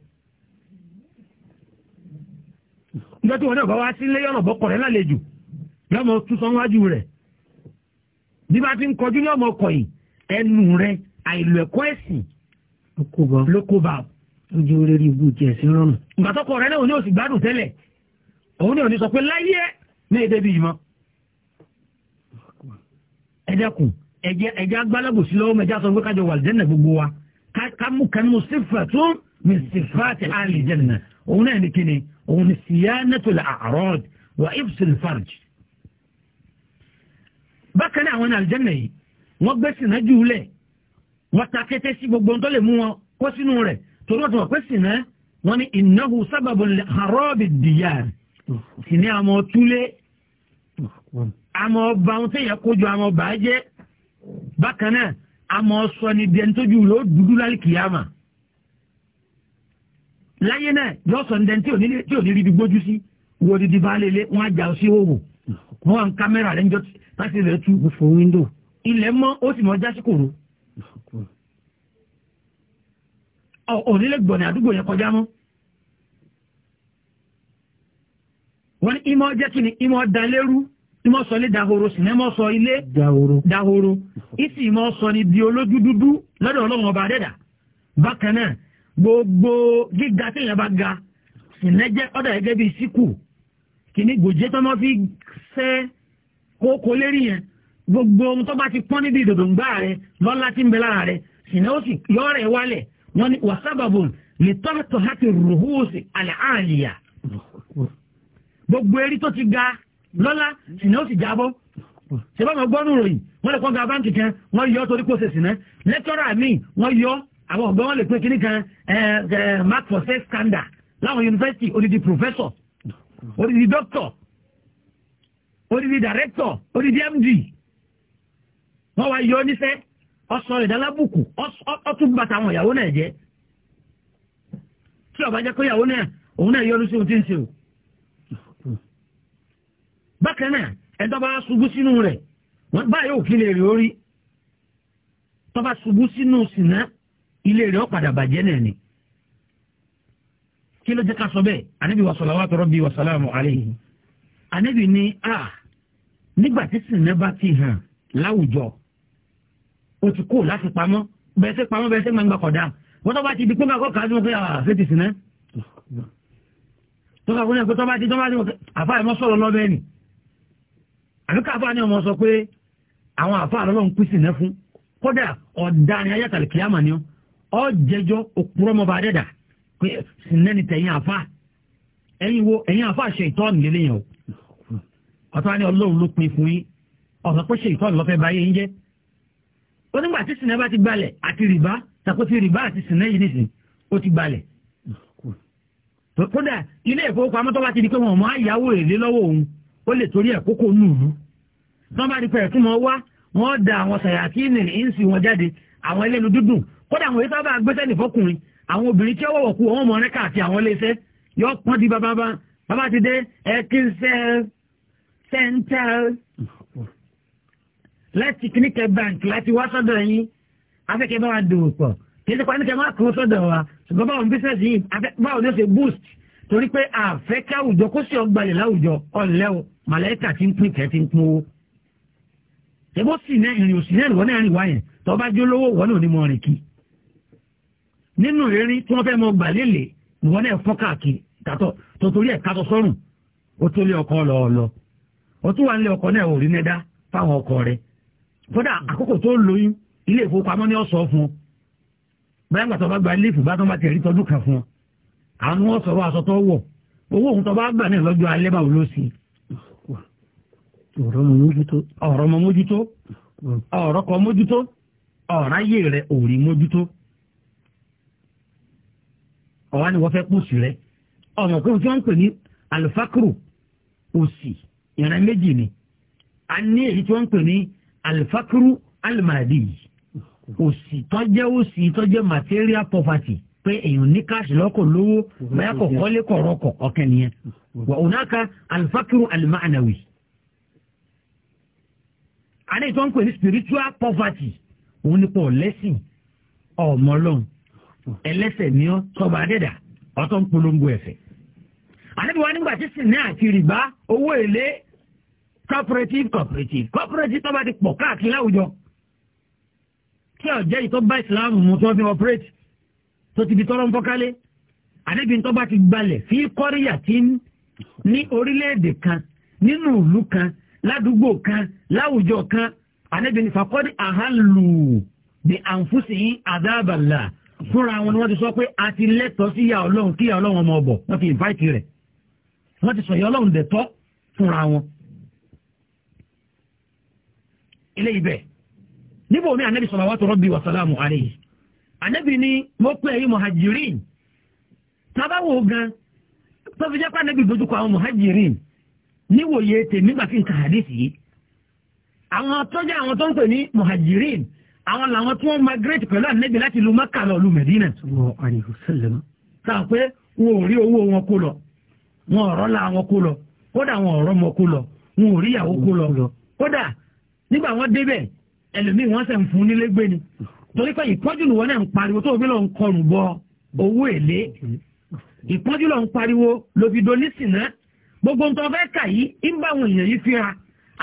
nígbà tí wọn náà bá wá yọ̀nà yọmọ tún sọ wájú bí bá ti ń kọjú ló kó bá ojú orí ibú tiẹ̀ sí rọrùn. ìgbà tọkọ rẹ náà ò ní òsì gbádùn tẹ́lẹ̀ òun ní òní sọ pé láyé ní èdè bíi mọ́. ẹ dẹ́kun ẹ̀jẹ̀ agbálábòsí lọ́wọ́ mẹ́jà sọ pé kájọ wà lẹ́nà gbogbo wa ká mú kan mú sífà tó mi sífà ti hàn lè jẹ́ òun náà ní kíni òun ní síyánẹ́tò lè àrọ́d wà ìfṣìl farj. bákan náà àwọn àlùjànnà yìí wọ́n gbé sìnájú lẹ̀ wọ́n ta kété sí gbogbo tó lè mú wọn kó sínú rẹ̀ torí wọ́n ti wọ̀ pé sì náà wọ́n ní ìnáwó sábàbò harọ́ọ̀bì dìyà sì ní àmọ́ túlé àmọ́ ọba ohun tó yẹ kójú àmọ́ ọba bákan náà àmọ́ sọ ni bí ẹni tójú ló dúdú lálẹ́ kìyàmà láyé náà yọ sọ ní dẹni tí ò ní rí ibi gbójú sí wo odidi bá lélẹ̀ wọ́n á jà sí òwò wọ́n wà ní kámẹ́rà rẹ̀ ń jọ láti rẹ̀ tú. ilẹ̀ mọ́ ó sì mọ́ jásí kòrò ònílẹ̀ gbọ̀nì àdúgbò yẹn kọjá mọ́ wọ́n ní ìmọ̀ jẹ́ kí ni ìmọ̀ dalérú ìmọ̀ sọ ní dahoro sinimọ̀ sọ ilé dahoro ìsì ìmọ̀ sọ ní bí olójú dúdú lọ́dọ̀ ọlọ́run ọba adẹ́dà bákan náà gbogbo gíga tí èèyàn bá ga sinẹ́jẹ́ ọ̀dà gẹ́gẹ́ bíi síkù kìíní gòjé tó máa gbogbo ohun tó bá ti pọ́n níbi ìdòdòǹgbà rẹ lọ́lá tí ń bẹ lára rẹ sìnà ó sì yọ rẹ̀ wálẹ̀ wọ́n ní wàsábàbò lè tọ́tọ̀ láti rùhúùsì àlẹ́ àlìyà gbogbo eré tó ti ga lọ́lá sìnà ó sì jábọ́ ṣèbá wọn gbọ́nù ròyìn wọ́n lè kọ́ ga báńkì kan wọ́n yọ torí kó ṣe sìnà lẹ́tọ́rà míì wọ́n yọ àwọn ọ̀gbẹ́ wọn lè pé kíní kan mark for sex scandal láwọn yunifásitì odidi professor odidi doctor odidi director odidi md wọ́n wá yọ níṣẹ́ ọ̀sọ̀ ìdálábùkù ọ̀tún bàtà àwọn ìyàwó náà jẹ́ tí ọba jẹ́ pé ìyàwó náà òun náà yọ lóṣù tí ń ṣe o. bákan náà ẹ̀dọ́ bá ṣubú sínú rẹ̀ wọ́n báyìí ò kí lè rí orí tó bá ṣubú sínú sìnà ilé rẹ̀ ó padà bàjẹ́ náà ni. kí ló jẹ́ ká sọ bẹ́ẹ̀ ànábì wa salawatu rabbi wa salamu alayhi ànábì ni a ah, nígbà tí sìnà bá ti hàn láwùjọ ó ti kú láti pamọ́ bẹ́ẹ̀ sẹ́ pamọ́ bẹ́ẹ̀ sẹ́ máa ń gbà kọ̀dá wọ́n tó bá ti di pé kọ́ kàá sí wọn pé àfẹ́ ah, ti sìn náà tó kàkún náà pé tó bá ti tó bá ti wọn àfa àmọ́ sọ̀rọ̀ lọ́bẹ̀ ni àbí káfa ni ọmọ sọ pé àwọn àfa àlọ́lọ́ ń kú sí náà fún kódà ọ̀daràn ayátàlẹ̀ kìámà ni ọ jẹjọ́ òpùrọ́ mọba adẹ́dà pé sinẹ́ni tẹ̀yìn àfa ẹ̀yin wo ẹ̀yin àfa àṣẹ ìtọ́ni lélẹ́yìn o ọ̀tọ́ wa ni ọlọ́run ló pin fún yín ọ̀sán pé ṣe ìtọ́ni lọ́fẹ́ báyé ń jẹ́ ó nígbà tí sinẹ́ bá ti gbalẹ̀ àti rìbá tàkótí rìbá àti sinẹ́ yìí nìsín ó ti gbalẹ̀ kódà ilé ìfowópamọ́ tó bá ti di pé wọn mọ àyáwó èlé lọ́wọ́ òun ó lè torí ẹ̀ kókó nùlù tán bá di pẹ̀rẹ̀ tún mọ́ wá wọ́n da àwọn sàyàtì ìnìrì ìǹsì wọn jáde àwọn ẹlẹ́nu dúdùn kódà àwọn èyítọ́ bá gbẹ́sẹ̀ nìfọ́kùnrin àwọn obìnrin tí ó wọ̀wọ̀ ku ọmọ láti kìnnìkẹ́ bank láti wá sọ́dọ̀ yín afẹ́kẹ́ bá wa dòwò pọ̀ kìí nípa níkẹ́ máa kún sọ́dọ̀ wa ṣùgbọ́n báwọn business yìí báwọn ló ṣe boost torí pé àfẹ́ kí àwùjọ kó sì ọgbàlẹ̀ láwùjọ ọ̀lẹ́ o màlẹ́kà ti ń pín ìkẹ́ ti ń pín owó. ṣèbó sì náà ìrìn òsì náà ìwọ́n náà rìn wáyẹn tó bá jó lówó wọ́n náà ní mọ rìn kí. nínú ìrírí tí wọ́n fẹ́ mọ gbàlélẹ̀ ìwọ́n náà fọ́n káàkiri kàtọ́ tó torí ẹ̀ kátó sọ́rùn ó tó lé ọkọ lọ́ọ́ lọ. ó tún wà ń lé ọkọ náà ò kódà àkókò tó lóyún ilé ìfowópamọ́ ni ó sọ fún ọ báyà gbàtọ́ bá gba ilé ìfowópamọ́ bá ti rí tọdún kan fún ọ àwọn wọn sọ̀rọ̀ aṣọ tó wọ̀ owó òun tó bá gbà ní lọ́jọ́ alẹ́ báwo ló sì. ọ̀rọ̀ mọ mójútó ọ̀rọ̀ kọ mójútó ọ̀rọ̀ ayé rẹ̀ òòrì mójútó ọ̀wá ni wọ́n fẹ́ kú sí rẹ̀ ọmọ pé tí wọ́n ń pè ní alifakuru òsì ìran méjì ni a ní èyí tí wọ́n ń pè ní alifakuru alimadi òsì tọ́jẹ́ òsì material poverty pé èèyàn ní káàsì lọ́kọ̀ lówó báyà kò kọ́lé kọ̀rọ̀kọ̀ ọ̀kẹ́ nìyẹn wà ònàkà alifakuru alimaanawi. adé tó ń pè ní spiritual poverty òun ni pọ̀ lẹ́sìn ọmọ ọlọ́run ẹlẹ́sẹ̀ ni ọ́ sọba adẹ́dà ọ̀tọ̀ ń polongo ẹ̀fẹ̀. àdébíwá nígbà tí sinmi àti rìbá owó èlé cooperative cooperative cooperative tó bá ti pọ̀ káàkiri láwùjọ kí ọ̀jẹ́ yìí tó bá ìsìláàmù mu tó fi operate tó ti fi tọ́lọ́ ń fọ́kálé àdébí tó bá ti gbalẹ̀ fi kọ́ríyà tí ń ní orílẹ̀-èdè kan nínú ìlú kan ládùúgbò kan láwùjọ kan àdébí ní fàkọ́dí àhálù bí àǹfùsì yín àdáàbàlà fúnra wọn ni wọ́n ti sọ pé a ti lẹ́tọ̀ọ́ sí ìyá ọlọ́run kí ìyá ọlọ́run ọmọ ọ̀bọ̀ wọ́n fi ìfáìtì rẹ̀ wọ́n ti sọ ìyá ọlọ́run dẹ̀ tọ́ fúnra wọn ilé ibẹ̀ níbo mi anabi salawatu rabbi wa salamu alayhi anabi ni mo pè é muhajirin tabawo gan tó fi jẹ́ pé anabi dojú kọ àwọn muhajirin níwòye tèmi gbà fi ń ka hadith yìí àwọn tó jẹ́ àwọn tó ń pè ní muhajirin àwọn làwọn tí wọ́n migrate pẹ̀lú anabi láti lu Mẹ́kà lọ lu Mẹ́dínà. sallallahu alayhi wa sallam. sáà pé wọn ò rí owó wọn kó lọ wọn ò rọ́lá wọn kó lọ kódà wọn ò rọ́mọ kó lọ wọn ò ríyàwó kó lọ kódà nígbà wọn débẹ̀ ẹlòmíì wọn sẹ̀ ń fún nílé gbé ni torí pé ìpọ́njú lòun náà ń pariwo tó fi lọ ń kọrùn bọ owó èlé ìpọ́njú lọ ń pariwo lòfìdó nísìnà gbogbo nǹkan fẹ́ kà yìí ń bá àwọn èèyàn yìí fira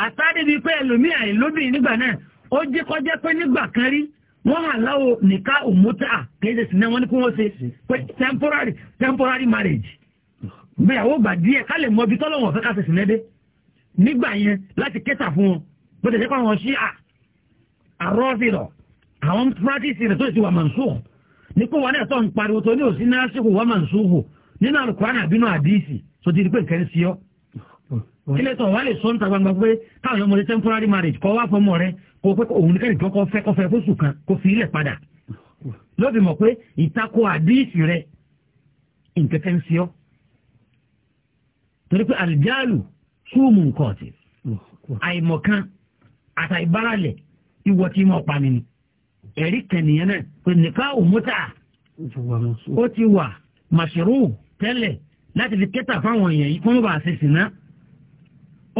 àtàdé bíi pé ẹlòmíì àìlóbìnrin nígbà náà ó jẹ́ kọjá pé nígbà kan rí wọ́n hàn láwo nìka òmùtà kéde sinẹ́ wọn ni kí wọ́n ṣe pé temporary temporary marriage gbéyàwó gbà díẹ̀ ká lè mọ ibi tọ́lọ́wọ̀n fẹ́ ká ṣe sinẹ́ dé nígbà yẹn láti kẹta fún wọn bó ti ṣe kọ́ àwọn ṣíà àrọ́fìlọ̀ àwọn pírátìsì rẹ̀ tó ti wà mọ̀nsúù ní kó wọn náà tó ń pariwo tó ní òsín náà síkò wà mọ̀nsúù nínú alukóran àbínú àdìsí tó ti di pé nǹkan sí ọ. ilé tó wà lè sọ níta gbangba pé káwọn ọmọdé temporary marriage kọ́ wá fọmọ rẹ kó pé òun nìkan ìjọ kọ́ fẹ́ kọ́ fẹ́ fóṣù kan kó fi ilẹ̀ padà ló fi mọ̀ pé ìtakò àdìsí rẹ nǹkan kan sí ọ. torí pé àlìjáàlù súnmù nǹkan ọ̀tẹ̀ àìmọ̀kan àtàìbáralẹ̀ ìwọ tí mo pa mi ni ẹ̀rí kẹnìyàn náà pé nìkan òmùtà ó ti wà màṣírù tẹ́lẹ̀ láti fi kẹta fáwọn èèyàn yìí fún bá ṣe sìnà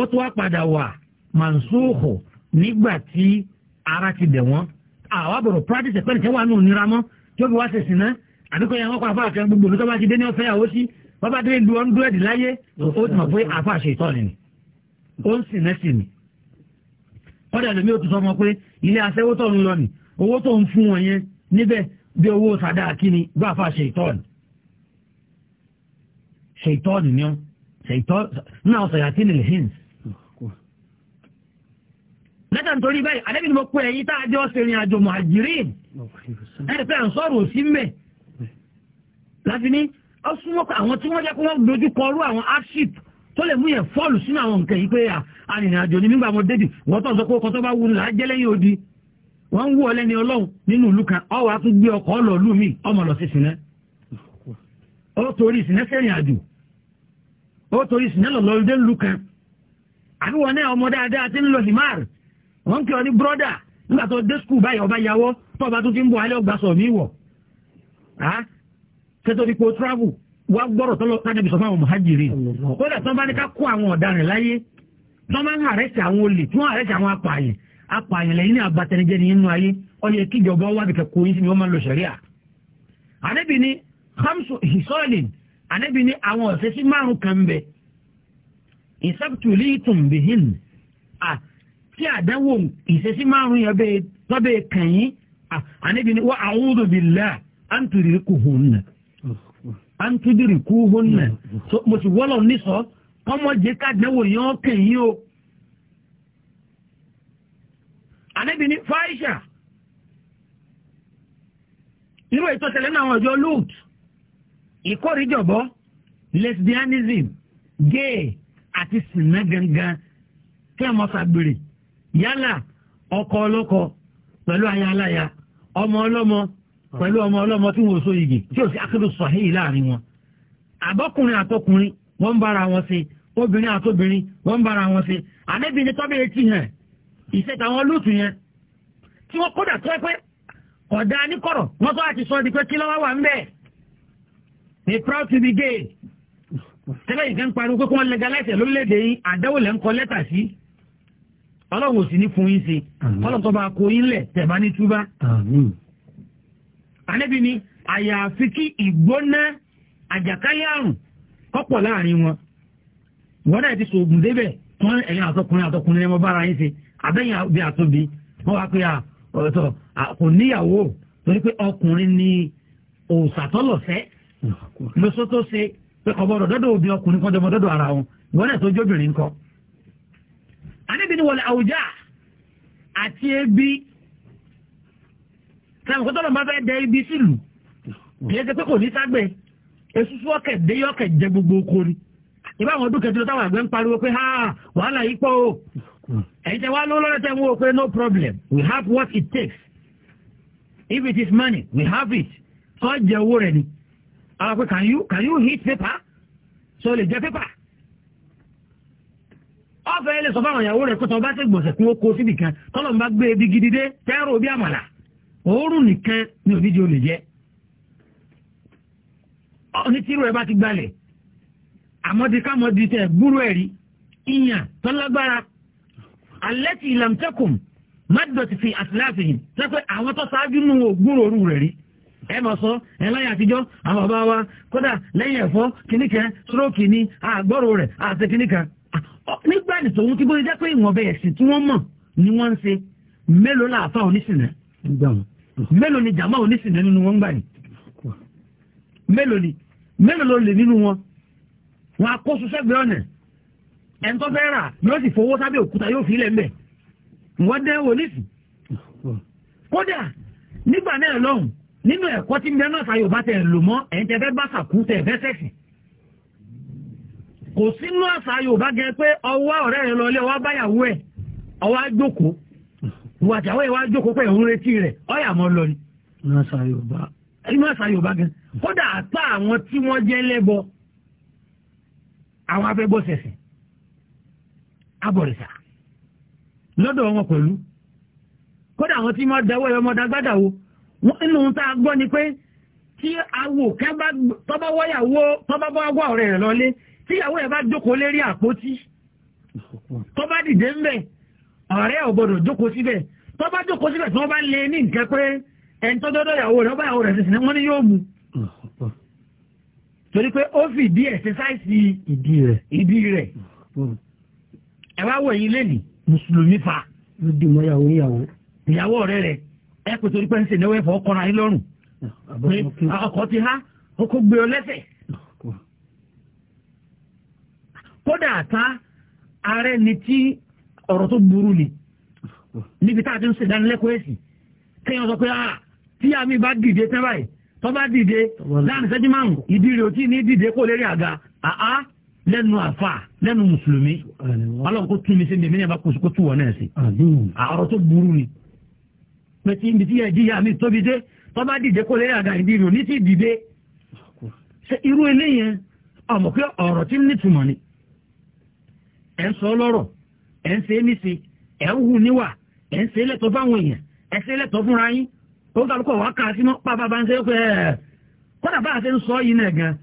ó tún wá padà wà màṣúhù nígbà tí ara ti bẹ̀ wọ́n àwa bọ̀rọ̀ practice ẹ̀pẹ́ nìkan wà nù nira mọ́ tí ó fi wá ṣe sìnà àbíkọ́ yẹn wọ́n pa àfáà kan gbogbo nítorí wọ́n ti dé ní ọ̀fẹ́ yàwó sí bàbá dé lu ọ́ndúrẹ́dì láyé ó ti mọ̀ pé àfáà ṣe ìtọ́ni ni ó ń sìnà sí ni kọ́dà ẹlòmí ò tún sọ wọn pé ilé aṣẹ́wó tó ń lọ nì owó tó ń fún wọn yẹn níbẹ̀ bí owó sàdá kíni gbáfà ṣètọ́ọ̀nì ṣètọ́ọ̀nì ni ó ṣètọ́ọ̀nì náà sọ̀yàtì nílẹ̀ hins lẹ́tà nítorí bẹ́ẹ̀ àdébí ni mo pé ẹ̀yìn tá a jọ ṣe ìrìn àjò muhajirin ẹ̀rì pé à ń sọ̀rọ̀ òsì mẹ́ láti ní ọ súnmọ́ àwọn tí wọ́n jẹ́ kó wọ́n dojú kọrú tó lè mú yẹn fọ́ọ̀lù sínú àwọn nǹkan yìí pé arìnrìnàjò ni nígbà wọn débi wọ́n tó sọ pé ọkọ̀ tó bá wù ní lájẹ́ lẹ́yìn odi wọ́n ń wú ọ ọlọ́run nínú ìlú kan tún gbé ọkọ̀ lọ lù mí ọmọ lọ sí sinẹ́ ó torí sinẹ́ sẹ́rìn àjò ó torí sinẹ́ lọ́lọ́ kan wọn náà ọmọ dáadáa ti ń lọ himar wọn ń kí ọ ní brọ́dà nígbà tó dé skul wá gbọ́rọ̀ tọ́lọ́ tánàbí sọ fáwọn mọ̀hájìrì ó dà tán bá ní ká kó àwọn ọ̀daràn láyé tán bá ń àrẹ́sì àwọn olè tí wọ́n àrẹ́sì àwọn apààyàn apààyàn lẹ́yìn ní abatẹnijẹ́ ní inú ayé ọyẹ kíjọba wà bìkẹ́ kó yín sí ni wọ́n máa ń lọ sẹ̀ríà. ànábì ní hamsu hisolin ànábì ní àwọn ọ̀sẹ̀ sí márùn kan bẹ ìsàbtùlì tùmbìhìn à tí àdánwò à ń túdìrì kú hún nà mo sì wọ́lọ̀ nísọ kọ́mọ́jẹ kájẹ́wò yẹn kàn yín o. ànábì ní fáìṣà irú ètò tẹ̀lé náà àwọn ọjọ́ lut ìkórìjọ̀bọ lesbianism gay àti sinna gangan tí a mọ̀ ṣàgbèrè yálà ọkọ ọlọ́kọ pẹ̀lú aya aláya ọmọ ọlọ́mọ pẹ̀lú ọmọ ọlọ́mọ tí wọ́n so igi tí ò sí akédo sọ̀hìn láàrin wọn àbọ́kùnrin àtọkùnrin wọ́n ń bára wọn ṣe obìnrin àtobìnrin wọ́n ń bára wọn ṣe àdébìnrin tọ́bìnrin ti hàn ìṣe tàwọn lóòtù yẹn tí wọ́n kódà tó ẹ pé ọ̀dà níkọ̀rọ̀ wọ́n tó àti sọ di pé kí lọ́wọ́ wà ń bẹ̀ they proud to be gay tẹ́lẹ̀ yìí kan pariwo pé kí wọ́n legalize lórílẹ̀‐èdè yìí àdáwò lẹ́ ń kọ lẹ́tà sí ọlọ́run ò sì ní fún yín ṣe ọlọ́run tó bá kó yín lẹ̀ tẹ̀ bá ní túbá anẹ́bí ni àyàfi kí ìgbóná àjàkálẹ̀ àrùn kọ́pọ̀ láàrin wọn wọn náà ti sòògùn débẹ̀ wọn ẹ̀yin àtọkùnrin àtọkùnrin ẹmọ bára yín ṣe abẹ́yìn àbí àtúnbí wọn wá pé ọ̀tọ̀ kò níyàwó torí pé ọkùnrin ni òòsàtọ́lọ̀fẹ́ lóṣó tó ṣe pé ọ̀bọ̀dọ̀ dọ́dọ̀ obì ọkùnrin kan jọmọ dọ́dọ̀ ara wọn wọn náà tó jóbìnrin kọ. anẹ́bí ni wọlé àwùjá àti ebi sẹ́wọ̀n kó tọ́lọ̀ máa fẹ́ dẹ ibi sílùú kìí ṣe pé kò ní ságbẹ̀ esusu ọkẹ̀ dé yọkẹ̀ jẹ gbogbo oko ni ìbá àwọn ọdún kẹtìlọ táwọn àgbẹ̀ ń pariwo pé ha wàhálà yìí pọ̀ o ẹ̀yin tẹ wá lọ́wọ́ lọ́dọ̀ tẹ ń wò pé no problem we have what it takes if it is money we have it kọ́ jẹ owó rẹ̀ ni àwọn pé can you can you hit paper so lè jẹ paper ọ̀fẹ́ lè sọ fún àwọn ìyàwó rẹ̀ kó tọ́ bá ṣe gbọ̀nsẹ̀ kún ó kó síbì kan tọ́lọ̀ ń bá gbé ebi gidi dé tẹ́rù bí àmàlà òórùn nìkan ni òbí di olè jẹ ní tírú ẹ bá ti gbalẹ̀ àmọ́dékámọ́dé tẹ gbúrú ẹ̀ rí ìyàn tọ́lágbára alẹ́ ti ìlàmùtẹ́kùn mádùdọ̀tì fi àtìláàfihàn sẹ́pẹ́ àwọn tó ṣáájú nù ògbúrò òru rẹ̀ rí ẹ mọ̀ sọ ẹ láyé àtijọ́ àwọn bàbá wa kódà lẹ́yìn ẹ̀fọ́ kìnnìkan stroke ni àgbọ̀rò rẹ̀ àti kìnnìkan nígbà ní tòun ti bóyá jẹ́ pé ìwọ̀n bẹ̀yẹ̀ sí tí wọ́n mọ̀ ni wọ́n ń ṣe mélòó làáfà oníṣìnà gbà mélòó ni jàmá onísìnà nínú wọn gbà ní mélòó ni mélòó ló lè nínú wọn wọn akóso sẹ́gbẹ̀ẹ́ ọ̀nà ẹ̀ńtọ́ fẹ́ rà yóò sì fowó sábẹ́ òkúta yóò fi ilẹ̀ ń bẹ̀ wọ́n dẹ́ onísì kódà nígbà náà lọ́hùn nínú ẹ̀kọ́ tí mẹ́rin náà fàyọ̀ bá tẹ̀ lò mọ́ ẹ̀yìn tẹ́ fẹ́ bá sàkú tẹ̀ fẹ́ sẹ̀sìn kò sínú àṣà Yorùbá gẹ pé ọwọ́ ọ̀rẹ́ rẹ lọ ilé ọwọ́ báyàwó ẹ̀ ọwọ́ ajókòó wàtàwọ́ ìwà jókòó pẹ̀ òun retí rẹ̀ ọ̀yà mọ́ lọ ni. iná sa yorùbá. iná sa yorùbá gan. kódà àtà àwọn tí wọ́n jẹ́ lẹ́bọ àwọn afẹ́bọ sẹ̀sìn abọ̀rìṣà lọ́dọ̀ wọn pẹ̀lú kódà àwọn tí wọ́n dáwọ́ ẹ̀rọ ọmọdàgbàdà wo inú ta gbọ́ ni pé tí awo kẹ́bá tọ́ba wọ́yàwó tọ́ba bá wọ́ ọ̀rẹ́ rẹ̀ lọ́lé tíyàwó ẹ̀ bá jókòó lérí àpótí tọ́ba dìde ń bẹ̀ ọ̀rẹ́ obodo jókòó síbẹ̀ tó bá jókòó síbẹ̀ tó bá lé ní nǹkan pé ẹni tó dọ́dọ̀ ìyàwó rẹ̀ ọba ìyàwó rẹ̀ sì wọ́n ni yóò mú. torí pé ó fi ìdí ẹ̀ rẹ̀ ẹ fa ìyàwó rẹ̀ rẹ̀ ẹ torí pé ń lọ́rùn ọkọ̀ ti há ọkọ̀ gbé ọ lẹ́sẹ̀ kódà ọ̀rọ̀ tó burú ni níbi tá a ti ń ṣèdánilẹ́kọ̀ọ́ èsì kéèyàn sọ pé ah tí àmì bá dìde tẹ́ báyìí tó bá dìde láàrin sẹ́jú márùn ìdí rẹ̀ ò tí ní dìde kó lérí àga àá lẹ́nu àfà lẹ́nu mùsùlùmí ọlọ́run kó tún mi sí mi mi ní ẹ̀bá kó tún wọ̀ náà sí ọ̀rọ̀ tó burú ni pẹ̀tí ibi tí ẹ̀jí àmì tóbi dé tó bá dìde kó lérí àga ìdí rẹ̀ ò ní tí dìde irú eléyẹn ọmọ pé ọ̀rọ̀ tí ń nítumọ̀ ni ẹ̀ ń sọ lọ́rọ̀ ẹ̀ ń ṣe é nísìn ẹ̀ ń níwà ẹ̀ ń fáwọn èèyàn ẹ̀ ṣe fúnra yín ó ń wá sínú ń bá a ṣe ń sọ yìí náà gan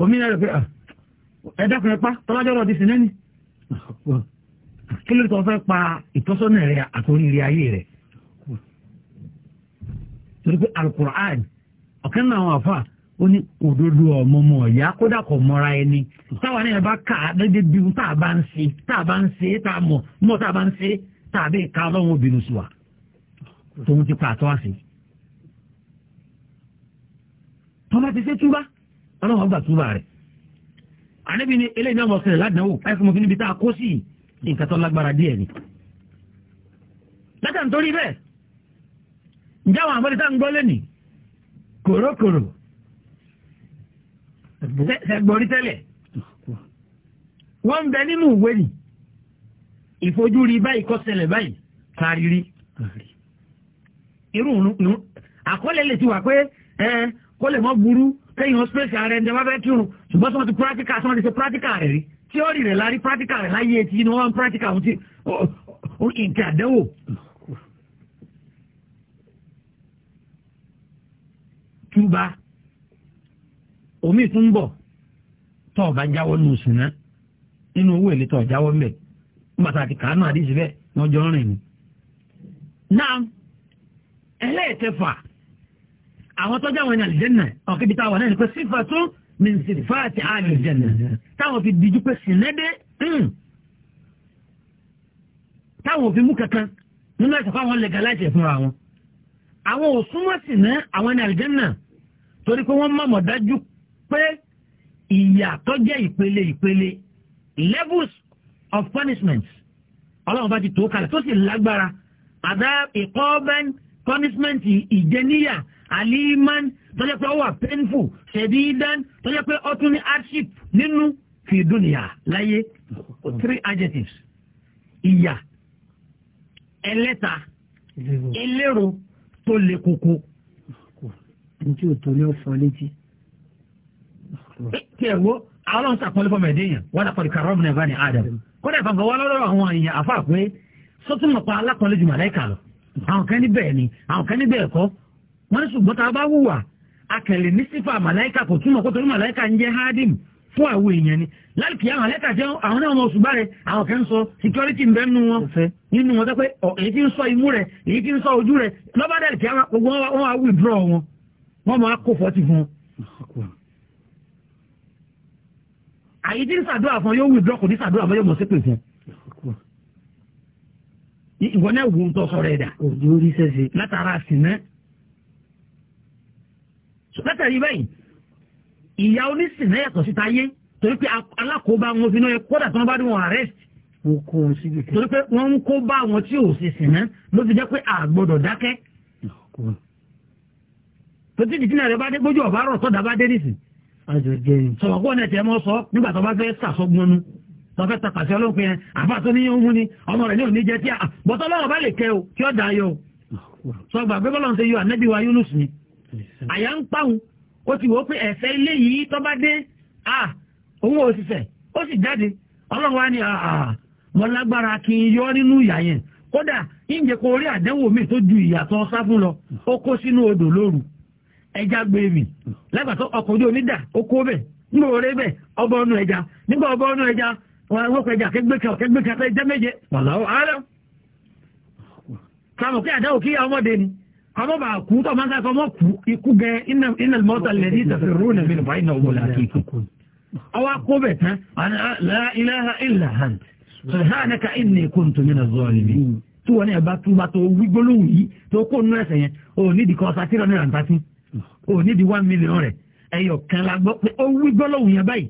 òmìnira rẹ̀ pé ah, ẹ dákun ẹ pa tọ́lájọ́rọ̀ lẹ́ni kí pa ìtọ́sọ́nà rẹ̀ ayé rẹ̀ torí ó ní òdodo ọmọọmọ ọ̀yá kódà kò mọ́ra ẹni táwa náà bá kà á lóde bí tá a bá ń ṣe tá a bá ń ṣe tá a mọ̀ mọ̀ tá a bá ń ṣe tá a bẹ́ẹ̀ ká ọlọ́run obìnrin sùn wá tòun ti pa àtọ́ àṣẹ. tọ́lá ti ṣe túbá ọlọ́run ọgbà túbá rẹ̀ àníbi ni eléyìí náà mọ̀ sílẹ̀ ládàáwò ẹ̀sìn mọ̀ kí níbi tá a kó sí nǹkan tó lágbára díẹ̀ ni. látà nítorí bẹ́ẹ̀ ǹjẹ́ àwọn àbọ̀dé tá à ń gbọ́ lẹ́nìí kòrókòrò sẹ́gbọ́rí tẹ́lẹ̀ wọ́n ń bẹ nínú ìwé ni ìfojúrí báyìí kọ́sẹ̀lẹ̀ báyìí kárírí irú nù àkọọ́lẹ̀ lè ti wà pé ẹ kó lè mọ́ burú kẹ́yìn ọ́sípẹ́sì ààrẹ ẹ̀ǹdẹ̀ wá fẹ́ kírun ṣùgbọ́n tí wọ́n ti pírátíkà tí wọ́n ti ṣe pírátíkà rẹ̀ rí tíọ́rì rẹ̀ lárí pírátíkà rẹ̀ láyé etí ni wọ́n ń pírátíkà ohun tí nǹkan àdẹ́wò. túbà omi tún bọ̀ tọ́ ọba jáwọ́ nù sínú nínú owó èlé tọ́ jáwọ́ mbẹ̀ nígbàtà àti kàánú àdìsí bẹ́ẹ̀ wọ́n jọ ń rìn ní. náà ẹlẹ́ẹ̀kẹfà àwọn tọ́jà wọn ní àlìjẹ́nà ọ̀kẹ́bi táwọn náà ní pé sífà tún ní sífà àti àlìjẹ́nà táwọn fi dijú pé sìnẹ́dẹ́ hmm. táwọn fi mú kankan nínú ẹ̀sẹ̀ fáwọn lẹ̀gà láti ẹ̀ fúnra àwọn ò súnmọ́ sí àwọn ní àlìjẹ́nà torí pé wọ́n mọ̀mọ́ dájú pé ìyà tó jẹ́ ìpele ìpele levels of punishment ọlọ́run bá ti tó kalẹ̀ tó sì lágbára adab iqaban punishment ìjẹníyà aliman tó jẹ́ pé ó wà painful shadidan tó jẹ́ pé ó tún ní hardship nínú fi dúnìyà láyé three adjectives ìyà ẹlẹ́ta elérò tó le koko. ǹjẹ́ òtò ni ó fọ létí tí ẹ wo àwọn ọ̀sán àpọ́nlé fọmọ ẹ̀dẹ́ yẹn wọ́n dàpọ̀ ìkàrọ̀ ọ̀bùnà ìbáni adam kódà ìfàgbọ́ wọn lọ́rọ̀ àwọn èèyàn àfa pé sọ́túnmọ̀ pa alákọ̀ọ́lé jù màláìkà lọ àwọn kan ní bẹ́ẹ̀ ni àwọn kan ní bẹ́ẹ̀ kọ́ wọ́n ní ṣùgbọ́n tá a bá wùwà akẹ̀lẹ̀ ní sífà màláìkà kò túmọ̀ kó torí màláìkà ń jẹ́ háàdìm fún àwọn èèyàn ni láìpì àwọn màláìkà jẹ́ àwọn náà ọmọ oṣù bá rẹ̀ àwọn kan ń sọ security ń bẹ nínú wọn nínú wọn tó pé èyí tí ń sọ imú rẹ̀ èyí tí ń sọ ojú rẹ̀ lọ́bàdàn kí wọ́n wá withdraw wọn wọ́n máa kó fọ́tì fún wọn àyè tí ń sàdúrà fún yóò wù dúrọ́kù ní sàdúrà fún yóò mọ̀ sípè fún ìwọ náà wù ú tọ́ sọ̀rọ̀ ẹ̀dà òjò orí sẹ́sẹ̀ látara àsìnà látàrí báyìí ìyá onísìnà yàtọ̀ síta yé torí pé alákòóbá wọn fi náà kódà tí wọ́n bá dún wọn arrest torí pé wọ́n ń kó bá wọn tí ò sì sìnà ló fi jẹ́ pé a dákẹ́ tó ti dìtínà rẹ bá dé gbójú ọ̀bá àjọ jẹ́ ni. sọ̀rọ̀ kó nẹ̀tẹ̀ mọ́ sọ nígbà tó bá fẹ́ sàsọ́gbọ́nú tó fẹ́ tàpàṣẹ ọlọ́pìn yẹn àbá tó ní yóò mú ni ọmọ rẹ̀ ní òní jẹ́ tí a bọ́tọ́ lọ́wọ́ bá lè kẹ́ o kí ó dà yọ. sọ gbà pé bọ́lá ń ṣe yọ ànẹ́bí wa Yunus ni. àyà ń pàwọn ó ti wọ́ pé ẹ̀fẹ́ ilé yìí tó bá dé a òun ò sì fẹ́ ó sì jáde ọlọ́run wa ni mo lágbára kí n yọ nínú ìyà yẹn kódà ìjẹ́kọ̀ọ́rí àdẹ́wò mi tó ju ìyàtọ̀ sáfún lọ ó kó sínú odò lóru. ẹja gbèmí lágbàtọ́ ọkùnrin onídà okó bẹ̀ ńlọrẹ́ bẹ̀ ọba ọnu ẹja nígbà ọba ẹja wọn àwọn ọkọ̀ ẹja kẹgbẹ́kẹ ọ̀kẹgbẹ́kẹ fẹ́ jẹ́ méje wàláwọ̀ ààrẹ kí àdáwò kí ọmọdé ni ọmọ bá kú tó máa ń ọmọ kú ikú gẹ iná iná akó tán ah, la ilaha illa ní tó yìí tó kó yẹn ò nídìí ò ní di one million rẹ̀ ẹyọ kan la gbọ́ pé ó wí gbọ́lọ́hùn yẹn báyìí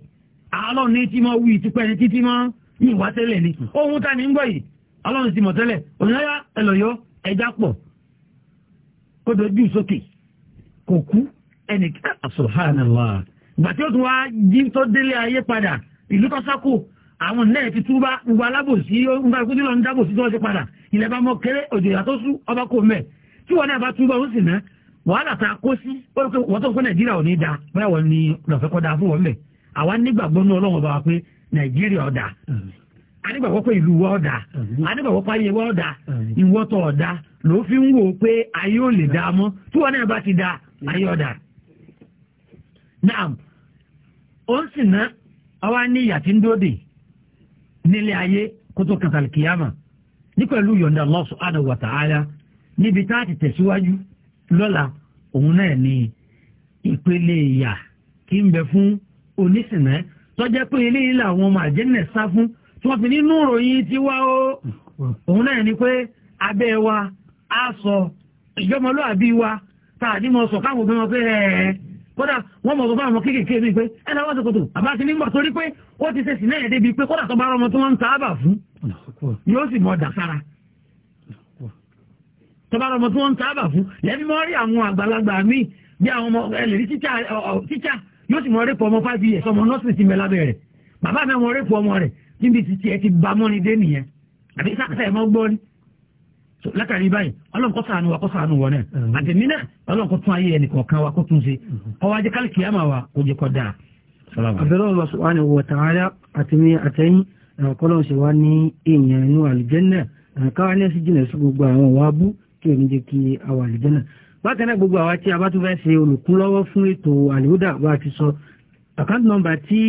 àlọ́ ní tí mo wí tipẹ́ ní títí mọ́ ní ìwà tẹ́lẹ̀ ni ohun tá ní ń gbọ́ yìí ọlọ́run ti mọ̀ tẹ́lẹ̀ òyìnbá ẹlọ́yọ́ ẹja pọ̀ kó dojú sókè kò kú ẹnì subhanallah ìgbà tí ó tún wá jí tó délé ayé padà ìlú tó sákò àwọn náà ti túbá gbogbo alábòsí nǹkan ìkúndí lọ ń dábòsí tó wọ́n ti padà ilẹ̀ bá mọ kéré òjò ìyá tó sú ọba kò mẹ́ tí wọn náà bá túbá ó sì náà wàhálà tá a kó sí wọ́n tó ń nàìjíríà ò ní da báyà wọ́n ní lọ́fẹ́ da fún wọn bẹ̀ àwa nígbàgbọ́ ní ọlọ́wọ́n bá wa pé nàìjíríà ọ̀dà anígbàgbọ́ pé ìlú wa ọ̀dà anígbàgbọ́ pé ayé wa ọ̀dà ọ̀dà ló fi ń wò ó pé ayé ò lè da mọ́ tí náà bá ti da ayé ọ̀dà. naam ó ń ná ní tí ń dóde nílé ayé kàtàlì kìyàmà lọ́la òun náà ni ìpele ìyà kí ń bẹ fún onísìnà tọ́jẹ́ pé eléyìí làwọn ọmọ àjẹ́nà sá fún tí wọ́n fi nínú ìròyìn ti wá ó òun náà ni pé abẹ́ wa á sọ ìjọmọlúàbí wa tá a ní mọ sọ káwọn obìnrin wọn pé ẹ̀ẹ́ kódà wọ́n mọ̀ sọ́fà àwọn kéékèèké bíi pé ẹ náà wọ́n ti kòtò àbá ti nígbà torí pé ó ti ṣe sílẹ̀ pé kódà tó bá rọmọ tí wọ́n ń ta fún yóò sì mọ̀ dàsára tọ́bára ọmọ tí wọ́n ń sábà fún lẹ́bí mọ́ rí àwọn àgbàlagbà míì bí àwọn ọmọ ẹlẹ́rí tíṣà yóò sì mọ rẹ́pọ̀ ọmọ five years ọmọ nọ́ọ̀sì ti mẹ́lá bẹ̀rẹ̀ bàbá mi mọ rẹ́pọ̀ ọmọ rẹ̀ níbi títí ẹ ti ba mọ́ni dé nìyẹn àbí sáfẹ́ ẹ mọ́ gbọ́ ni. látàrí báyìí ọlọ́run kó ṣàánú wa kó ṣàánú wọn náà àtẹ̀mí náà ọlọ́run kó tún ayé ẹnì kọ̀ọ̀kan wa kó tún ṣe ọwọ́ mm-hmm. ajé kálíkì yàmà wa kó jẹ́ kọ́ dáa. àbẹ̀rẹ̀ ọ̀rọ̀ sùwánì wọ̀ tààrà àtẹ̀mí àtẹ̀yìn kọ́lọ́ọ̀ṣẹ̀ wa ní èèyàn inú àlùjẹ́ náà káwá ní ẹ̀sìn jìnnà sí kí o ní jẹ́ kí a wà lè jẹ́nà bákan náà gbogbo àwa tí a bá tún fẹ́ ṣe olùkúnlọ́wọ́ fún ètò àlùdà bá ti sọ àkáǹtì nọ́mbà tí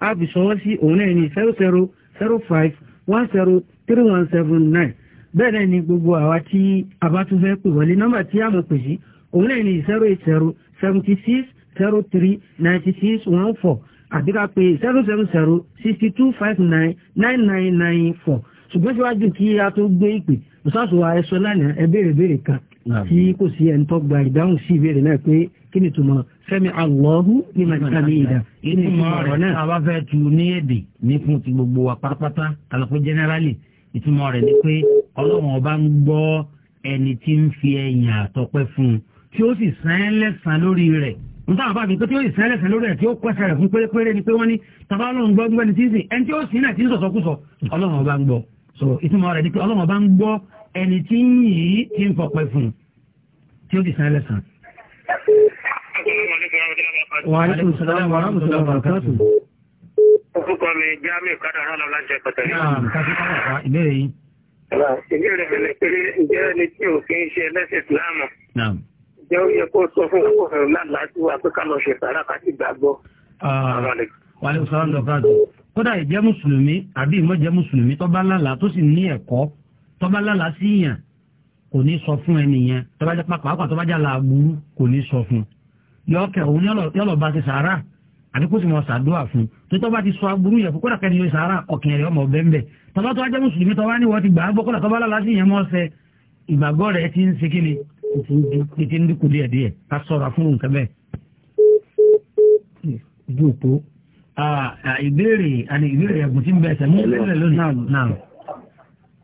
a fi sọwọ́ sí òun náà ní zero zero zero five one zero three one seven nine bẹ́ẹ̀ náà ni gbogbo àwa tí a bá tún fẹ́ pè wọlé nọ́mbà tí a mọ̀ pè sí òun náà ní zero eight zero seventy six zero three ninety six one four àbí ká pè zero seven zero sixty two five nine nine nine nine four ṣùgbọ́n síwájú kí a tó gbé ìpè bùsáàsù wa ẹsọ lánàá ẹ béèrè béèrè kan tí kò sí ẹni tó gba ìdáhùn sí ìbéèrè náà pé kí ni túmọ̀ fẹ́mi Allahu ní màtàmí ìdá. ìtumọ̀ rẹ̀ náà àwa fẹ́ tu ní èdè nípun ti gbogbo wa pátápátá àlọ́pọ̀ jẹ́nẹ́rálì ìtumọ̀ rẹ̀ ni pé ọlọ́run ọba ń gbọ́ ẹni tí ń fi ẹ̀yìn àtọ́pẹ́ fún un tí ó sì sàn lẹ́sàn lórí rẹ̀ nta àbá mi pé tí ó sì sàn lórí rẹ̀ ni pé wọ́n ní tàbá ọlọ́run gbọ́ so ìtumọ̀ rẹ̀ ni pé ọlọ́run ẹni tí ń yìí ti ń fọpẹ́ fún tí ó ti san ẹlẹ́sàn. wàhálà ìṣẹ̀lẹ̀ wàhálà ìṣẹ̀lẹ̀ wàhálà ìṣẹ̀lẹ̀ orúkọ mi jami kádàrá lọ́la jẹ pẹ̀tẹ́lẹ́. ìbéèrè yìí. ìbéèrè mi ni pé ǹjẹ́ ẹni tí ò kí ń ṣe ẹlẹ́sìn ìsìláàmù. ǹjẹ́ ó yẹ kó sọ fún ọkùnrin láláàtú àpéká lọ ṣe sàrà káti gbàgbọ́. wàhálà ìṣẹ̀lẹ̀ wàhálà ìṣẹ̀lẹ̀ kódà ìjẹ́ mùsùlùmí àbí ìmọ̀jẹ́ mùsùlùmí tó bá lálàá tó sì ní ẹ̀kọ́ tọ́ba lálàá sí yàn kò ní sọ fún ẹnìyẹn tọ́ba jẹ́ pàápàá tọ́ba jẹ́ làbúrú kò ní sọ fún yọ̀ọ́kẹ́ òun yọ̀lọ̀ bá ti sàárà àti kó sì mọ ṣàdúrà fún tó tọ́ bá ti sọ aburú yẹ kókó dàkẹ́ni yóò sàárà ọ̀kìn rẹ̀ ọmọ ọ̀bẹ ńbẹ tọ́ba tó ajẹ́ mùsùlùmí tọ́ba ní wọ́n ti gbà á bọ́ kódà tọ́ba lọ́la sí yẹn mọ́ ọ̀sẹ̀ ìgbàgbọ́ rẹ̀ ti ń ṣe kí ni ti ń dínkù díẹ̀ díẹ̀ ká sọ̀rọ̀ fún nǹkan ah, ah, tí ń bẹ ẹsẹ̀ mú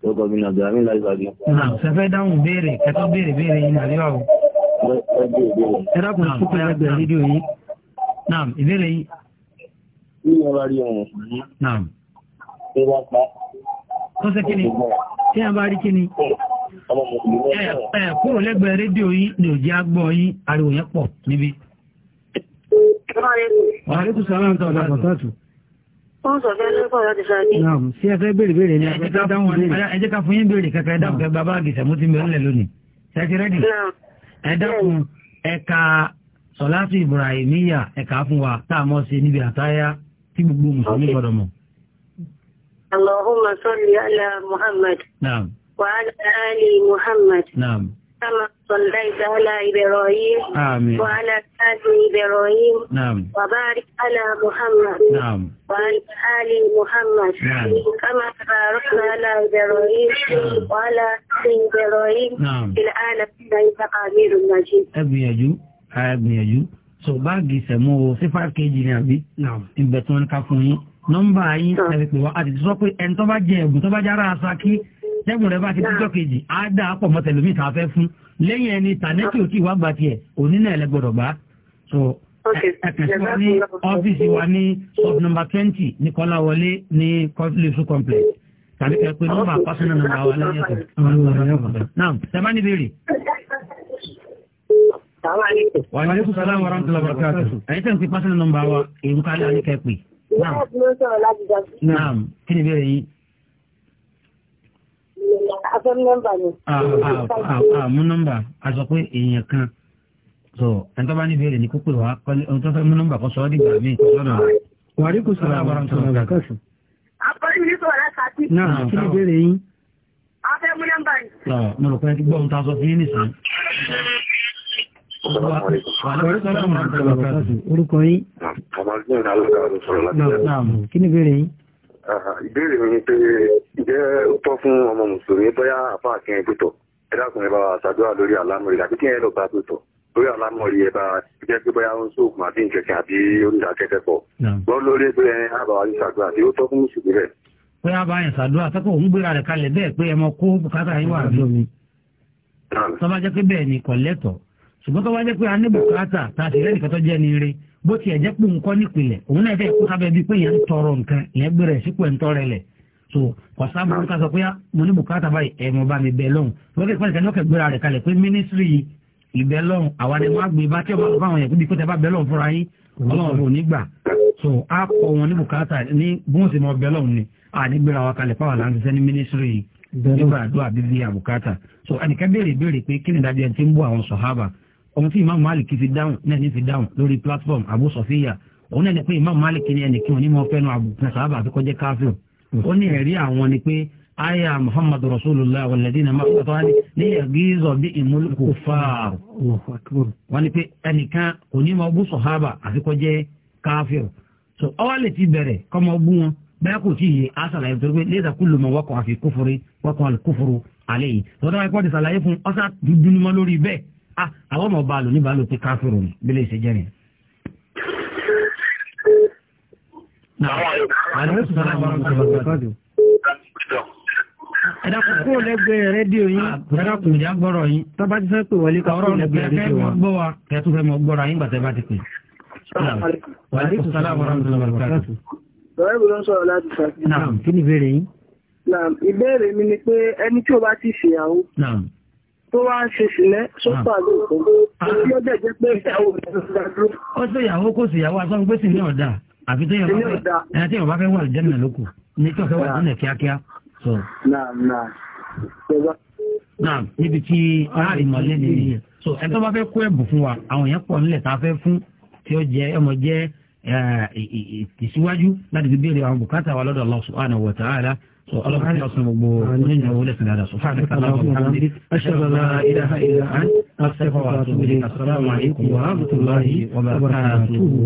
lọ́kọ̀ mi náà dàmí láì bàbí. ṣẹfẹ́ dáhùn béèrè kẹtọ́ béèrè béèrè yìí nàlẹ́ ọ̀rọ̀. ẹ dákun púpọ̀ ẹgbẹ́ rédíò yìí. naam ìbéèrè yìí. bí wọ́n bá rí ọmọ yìí. naam. ṣé wọ́n pa. tó ṣe kí ni tí wọ́n bá rí kí ni. ẹ kúrò lẹ́gbẹ̀ẹ́ rédíò yìí ni ò àgbọ̀ yín ariwo yẹn pọ̀ níbí. wàhálà ètò sàlámù sí ẹfẹ́ béèrè béèrè ni ẹfẹ́ dáhùn béèrè. ẹ jẹ́ ká fún yín béèrè kẹ́kẹ́ dáhùn kẹ́ bàbá àgìsẹ̀ mú ti ń bẹ̀rẹ̀ lónìí ṣe ti rẹ́dì. ẹ dákun ẹ̀ka sọ̀láṣí ibrahimiya ẹ̀ka fún wa tá a mọ̀ sí níbi àtáyá tí gbogbo mùsùlùmí gbọ́dọ̀ mọ̀. Allah salli ala Muhammad wa ala ali Muhammad. كما صليت على إبراهيم آمين وعلى آل إبراهيم نعم وبارك على محمد نعم وعلى آل محمد نعم كما باركنا على إبراهيم نعم وعلى آل إبراهيم نعم في العالمين إنك حميد مجيد أبيجو أبيجو so báàgì sẹ̀mú o sí five kg ni àbí ìbẹ̀tún ẹni ká fún yín nọ́mbà yín ẹ̀rẹ̀ pé wá àti sọ pé ẹni tó bá jẹ ẹ̀bùn tó bá jára aṣáájú tẹ́gùn rẹ̀ bá ti díjọ́ kejì á dà á pọ̀ mọ́ tẹlifí tá a fẹ́ fún lẹ́yìn ẹni tànẹ́kì ò tí ì wá gba tiẹ̀ òní náà lẹ gbọ́dọ̀ gbá. so ẹ̀kẹ́ sí wa ní ọ́fíìsì wa ní sub number twenty ní kọ́láwọlé ní kọ́fílẹ̀sù complex tàbí kẹ́ pé nọ́mbà pásánà nọ́mbà wa lẹ́yìn ẹ̀kọ́. naam tẹ́ bá ní béèrè. wa aleykum salaam wa rahmatullahi wa barakatuh. ẹ̀yin tẹ̀ ń pe pásánà nọ́mbà wa èyí ń kálí àníkẹ́ pè. naam kí ni afẹ́ nọ́mbà ni. àmú nọ́mbà a sọ pé èèyàn kan sọ ẹni tó bá ní ìbéèrè ní pípé wa ohun tó fẹ́ mú nọ́mbà kan sọ ọ́ dìgbà míì lọ́nà rẹ̀. wàrí kò sọ̀rọ̀ àwọn ọmọ ọmọ ọmọ kọ́sùn. àpẹẹrẹ yìí sọ̀rọ̀ láti. náà kí ni ìbéèrè yín. afẹ́ mú nọ́mbà yìí. mo rò pé gbọ́ ohun tá a sọ fún yín nìsín. orúkọ yín. kí ni ìbéèrè yín ìbéèrè mi ni pé ǹjẹ́ ó tọ́ fún ọmọ mùsùlùmí bóyá àfáà kí ẹ pẹ̀tọ̀ ẹ dákun ẹ bá wa ṣàdúrà lórí àlámọ̀rí àbí kí ẹ lọ bá pẹ̀tọ̀ lórí àlámọ̀rí ẹ bá jẹ́ pé bóyá ó ń sóògùn àbí nkẹ̀kẹ̀ àbí onídàákẹ́kẹ́ pọ̀ gbọ́ lórí pé ẹ bá wa ṣàdúrà tí ó tọ́ fún mùsùlùmí rẹ̀. pé a bá yẹn ṣàdúrà sẹ́kọ̀ òun gbéra rẹ̀ kalẹ̀ bẹ́ẹ̀ pé ẹ mọ kó bùkátà yín wà lómi tọ́ba jẹ́ pé bẹ́ẹ̀ ni kọ̀lẹ́tọ̀ ṣùgbọ́n tọ́ba a ní bùkátà tá a sì bó tiẹ̀ jẹ́ pé nǹkan nípìnlẹ̀ òun náà fẹ́ kó sábẹ́ bíi pé yẹn ń tọrọ nǹkan yẹn gbé rẹ̀ sípò ẹ̀ ń tọrọ lẹ̀ so kọ̀sá máa ń ká sọ pé ah, mo ní bùkátà báyìí ẹ̀ mo bá mi bẹ̀ lọ́hùn lókè pẹ́ẹ́lí kan lókè gbéra rẹ̀ kalẹ̀ pé mínísírì ìbẹ̀ lọ́hùn àwa ni wọ́n á gbé bá tí ọba àwọn yẹn bíi pé tẹ bá bẹ̀ lọ́hùn fúnra yín ọlọ́run ò so á kọ wọn ní bùkátà ní bóun sì mọ bẹ̀ lọ́hùn ni à ní gbéra wa kalẹ̀ fáwọn láti sẹ́ ní mínísírì yìí nígbà àdúrà bíbí àbùkátà so ẹnìkan béèrè béèrè pé kí ni dàbí ẹni tí ń bú àwọn sọ̀hábà ohun tí imam malik fi dáhùn náà ní fi dáhùn lórí platform abu sofiya òun náà ní pé imam malik ní ẹnìkan onímọ̀ fẹ́nu àbùkù náà sábà àfikọ́ jẹ́ káfíò ó ní ẹ̀rí àwọn ni pé aya muhammadu rasulullah walladina mafata ni ni yagizo bi imul kufar wọ́n ní pé ẹnìkan onímọ̀ bú sọ̀hábà àfikọ́ jẹ́ káfíò so ọwọ́ lè ti bẹ̀rẹ̀ kọ́mọ bú wọn bẹ́ẹ̀ kò tí yé asàlà yẹn torí pé léda kúlù mọ wọ́kọ̀ àfi kúfúrú wọ́kọ̀ àlùkúfúrú àlẹ́ yìí lọ́dọ̀ wáyé kọ́ ti sàlàyé Ah, àwọn ọmọ bá lò níbàálò pé káfíìrò ni bílẹ̀ ìṣe jẹ́rìí. Ẹ̀dàkùn kó lẹ́gbẹ̀ẹ́ rédíò yín. Ah, Ẹ̀dàkùn ìjà gbọ́rọ̀ yín. Tọ́ba ti fẹ́ pè wọlé ká ọ̀rọ̀ lẹ́gbẹ̀ẹ́ rédíò wa. Gbọ́ wa kẹ́tù fẹ́ mọ gbọ́ra yín gbàtẹ́ bá ti pè. Wàlẹ́kùn sálàmù ọ̀rọ̀ ọ̀rọ̀ Bọ̀rẹ́ bí ló ń sọ̀rọ̀ láti ṣàfihàn. Kí ni ìbéèrè yín? Ìbéèrè mi ni pé ẹni tí ó bá ti ṣèyàwó tó wá ń ṣe sílẹ̀ sọ́pàá ah. lóòkó tí ó dẹ̀ jẹ́ pé ìyàwó rẹ̀ ló dádúró. ó tó ìyàwó kò sí ìyàwó asọ́run pé sì ní ọ̀dà àfi tó yàn bá fẹ́ náà níbi tí ọ̀rá ìmọ̀lẹ́ ni ẹ̀ tó bá fẹ́ kó ẹ̀bùn fún wa àwọn èèyàn pọ̀ nílẹ̀ tá fẹ́ fún tí ó jẹ́ ọmọ jẹ́ ìtìsíwájú láti fi béèrè àwọn bùkátà wa lọ́dọ̀ Allah اللهم اجعل اصل المقبول منا سبحانك اشهد ان لا اله الا انت السلام عليكم ورحمه الله وبركاته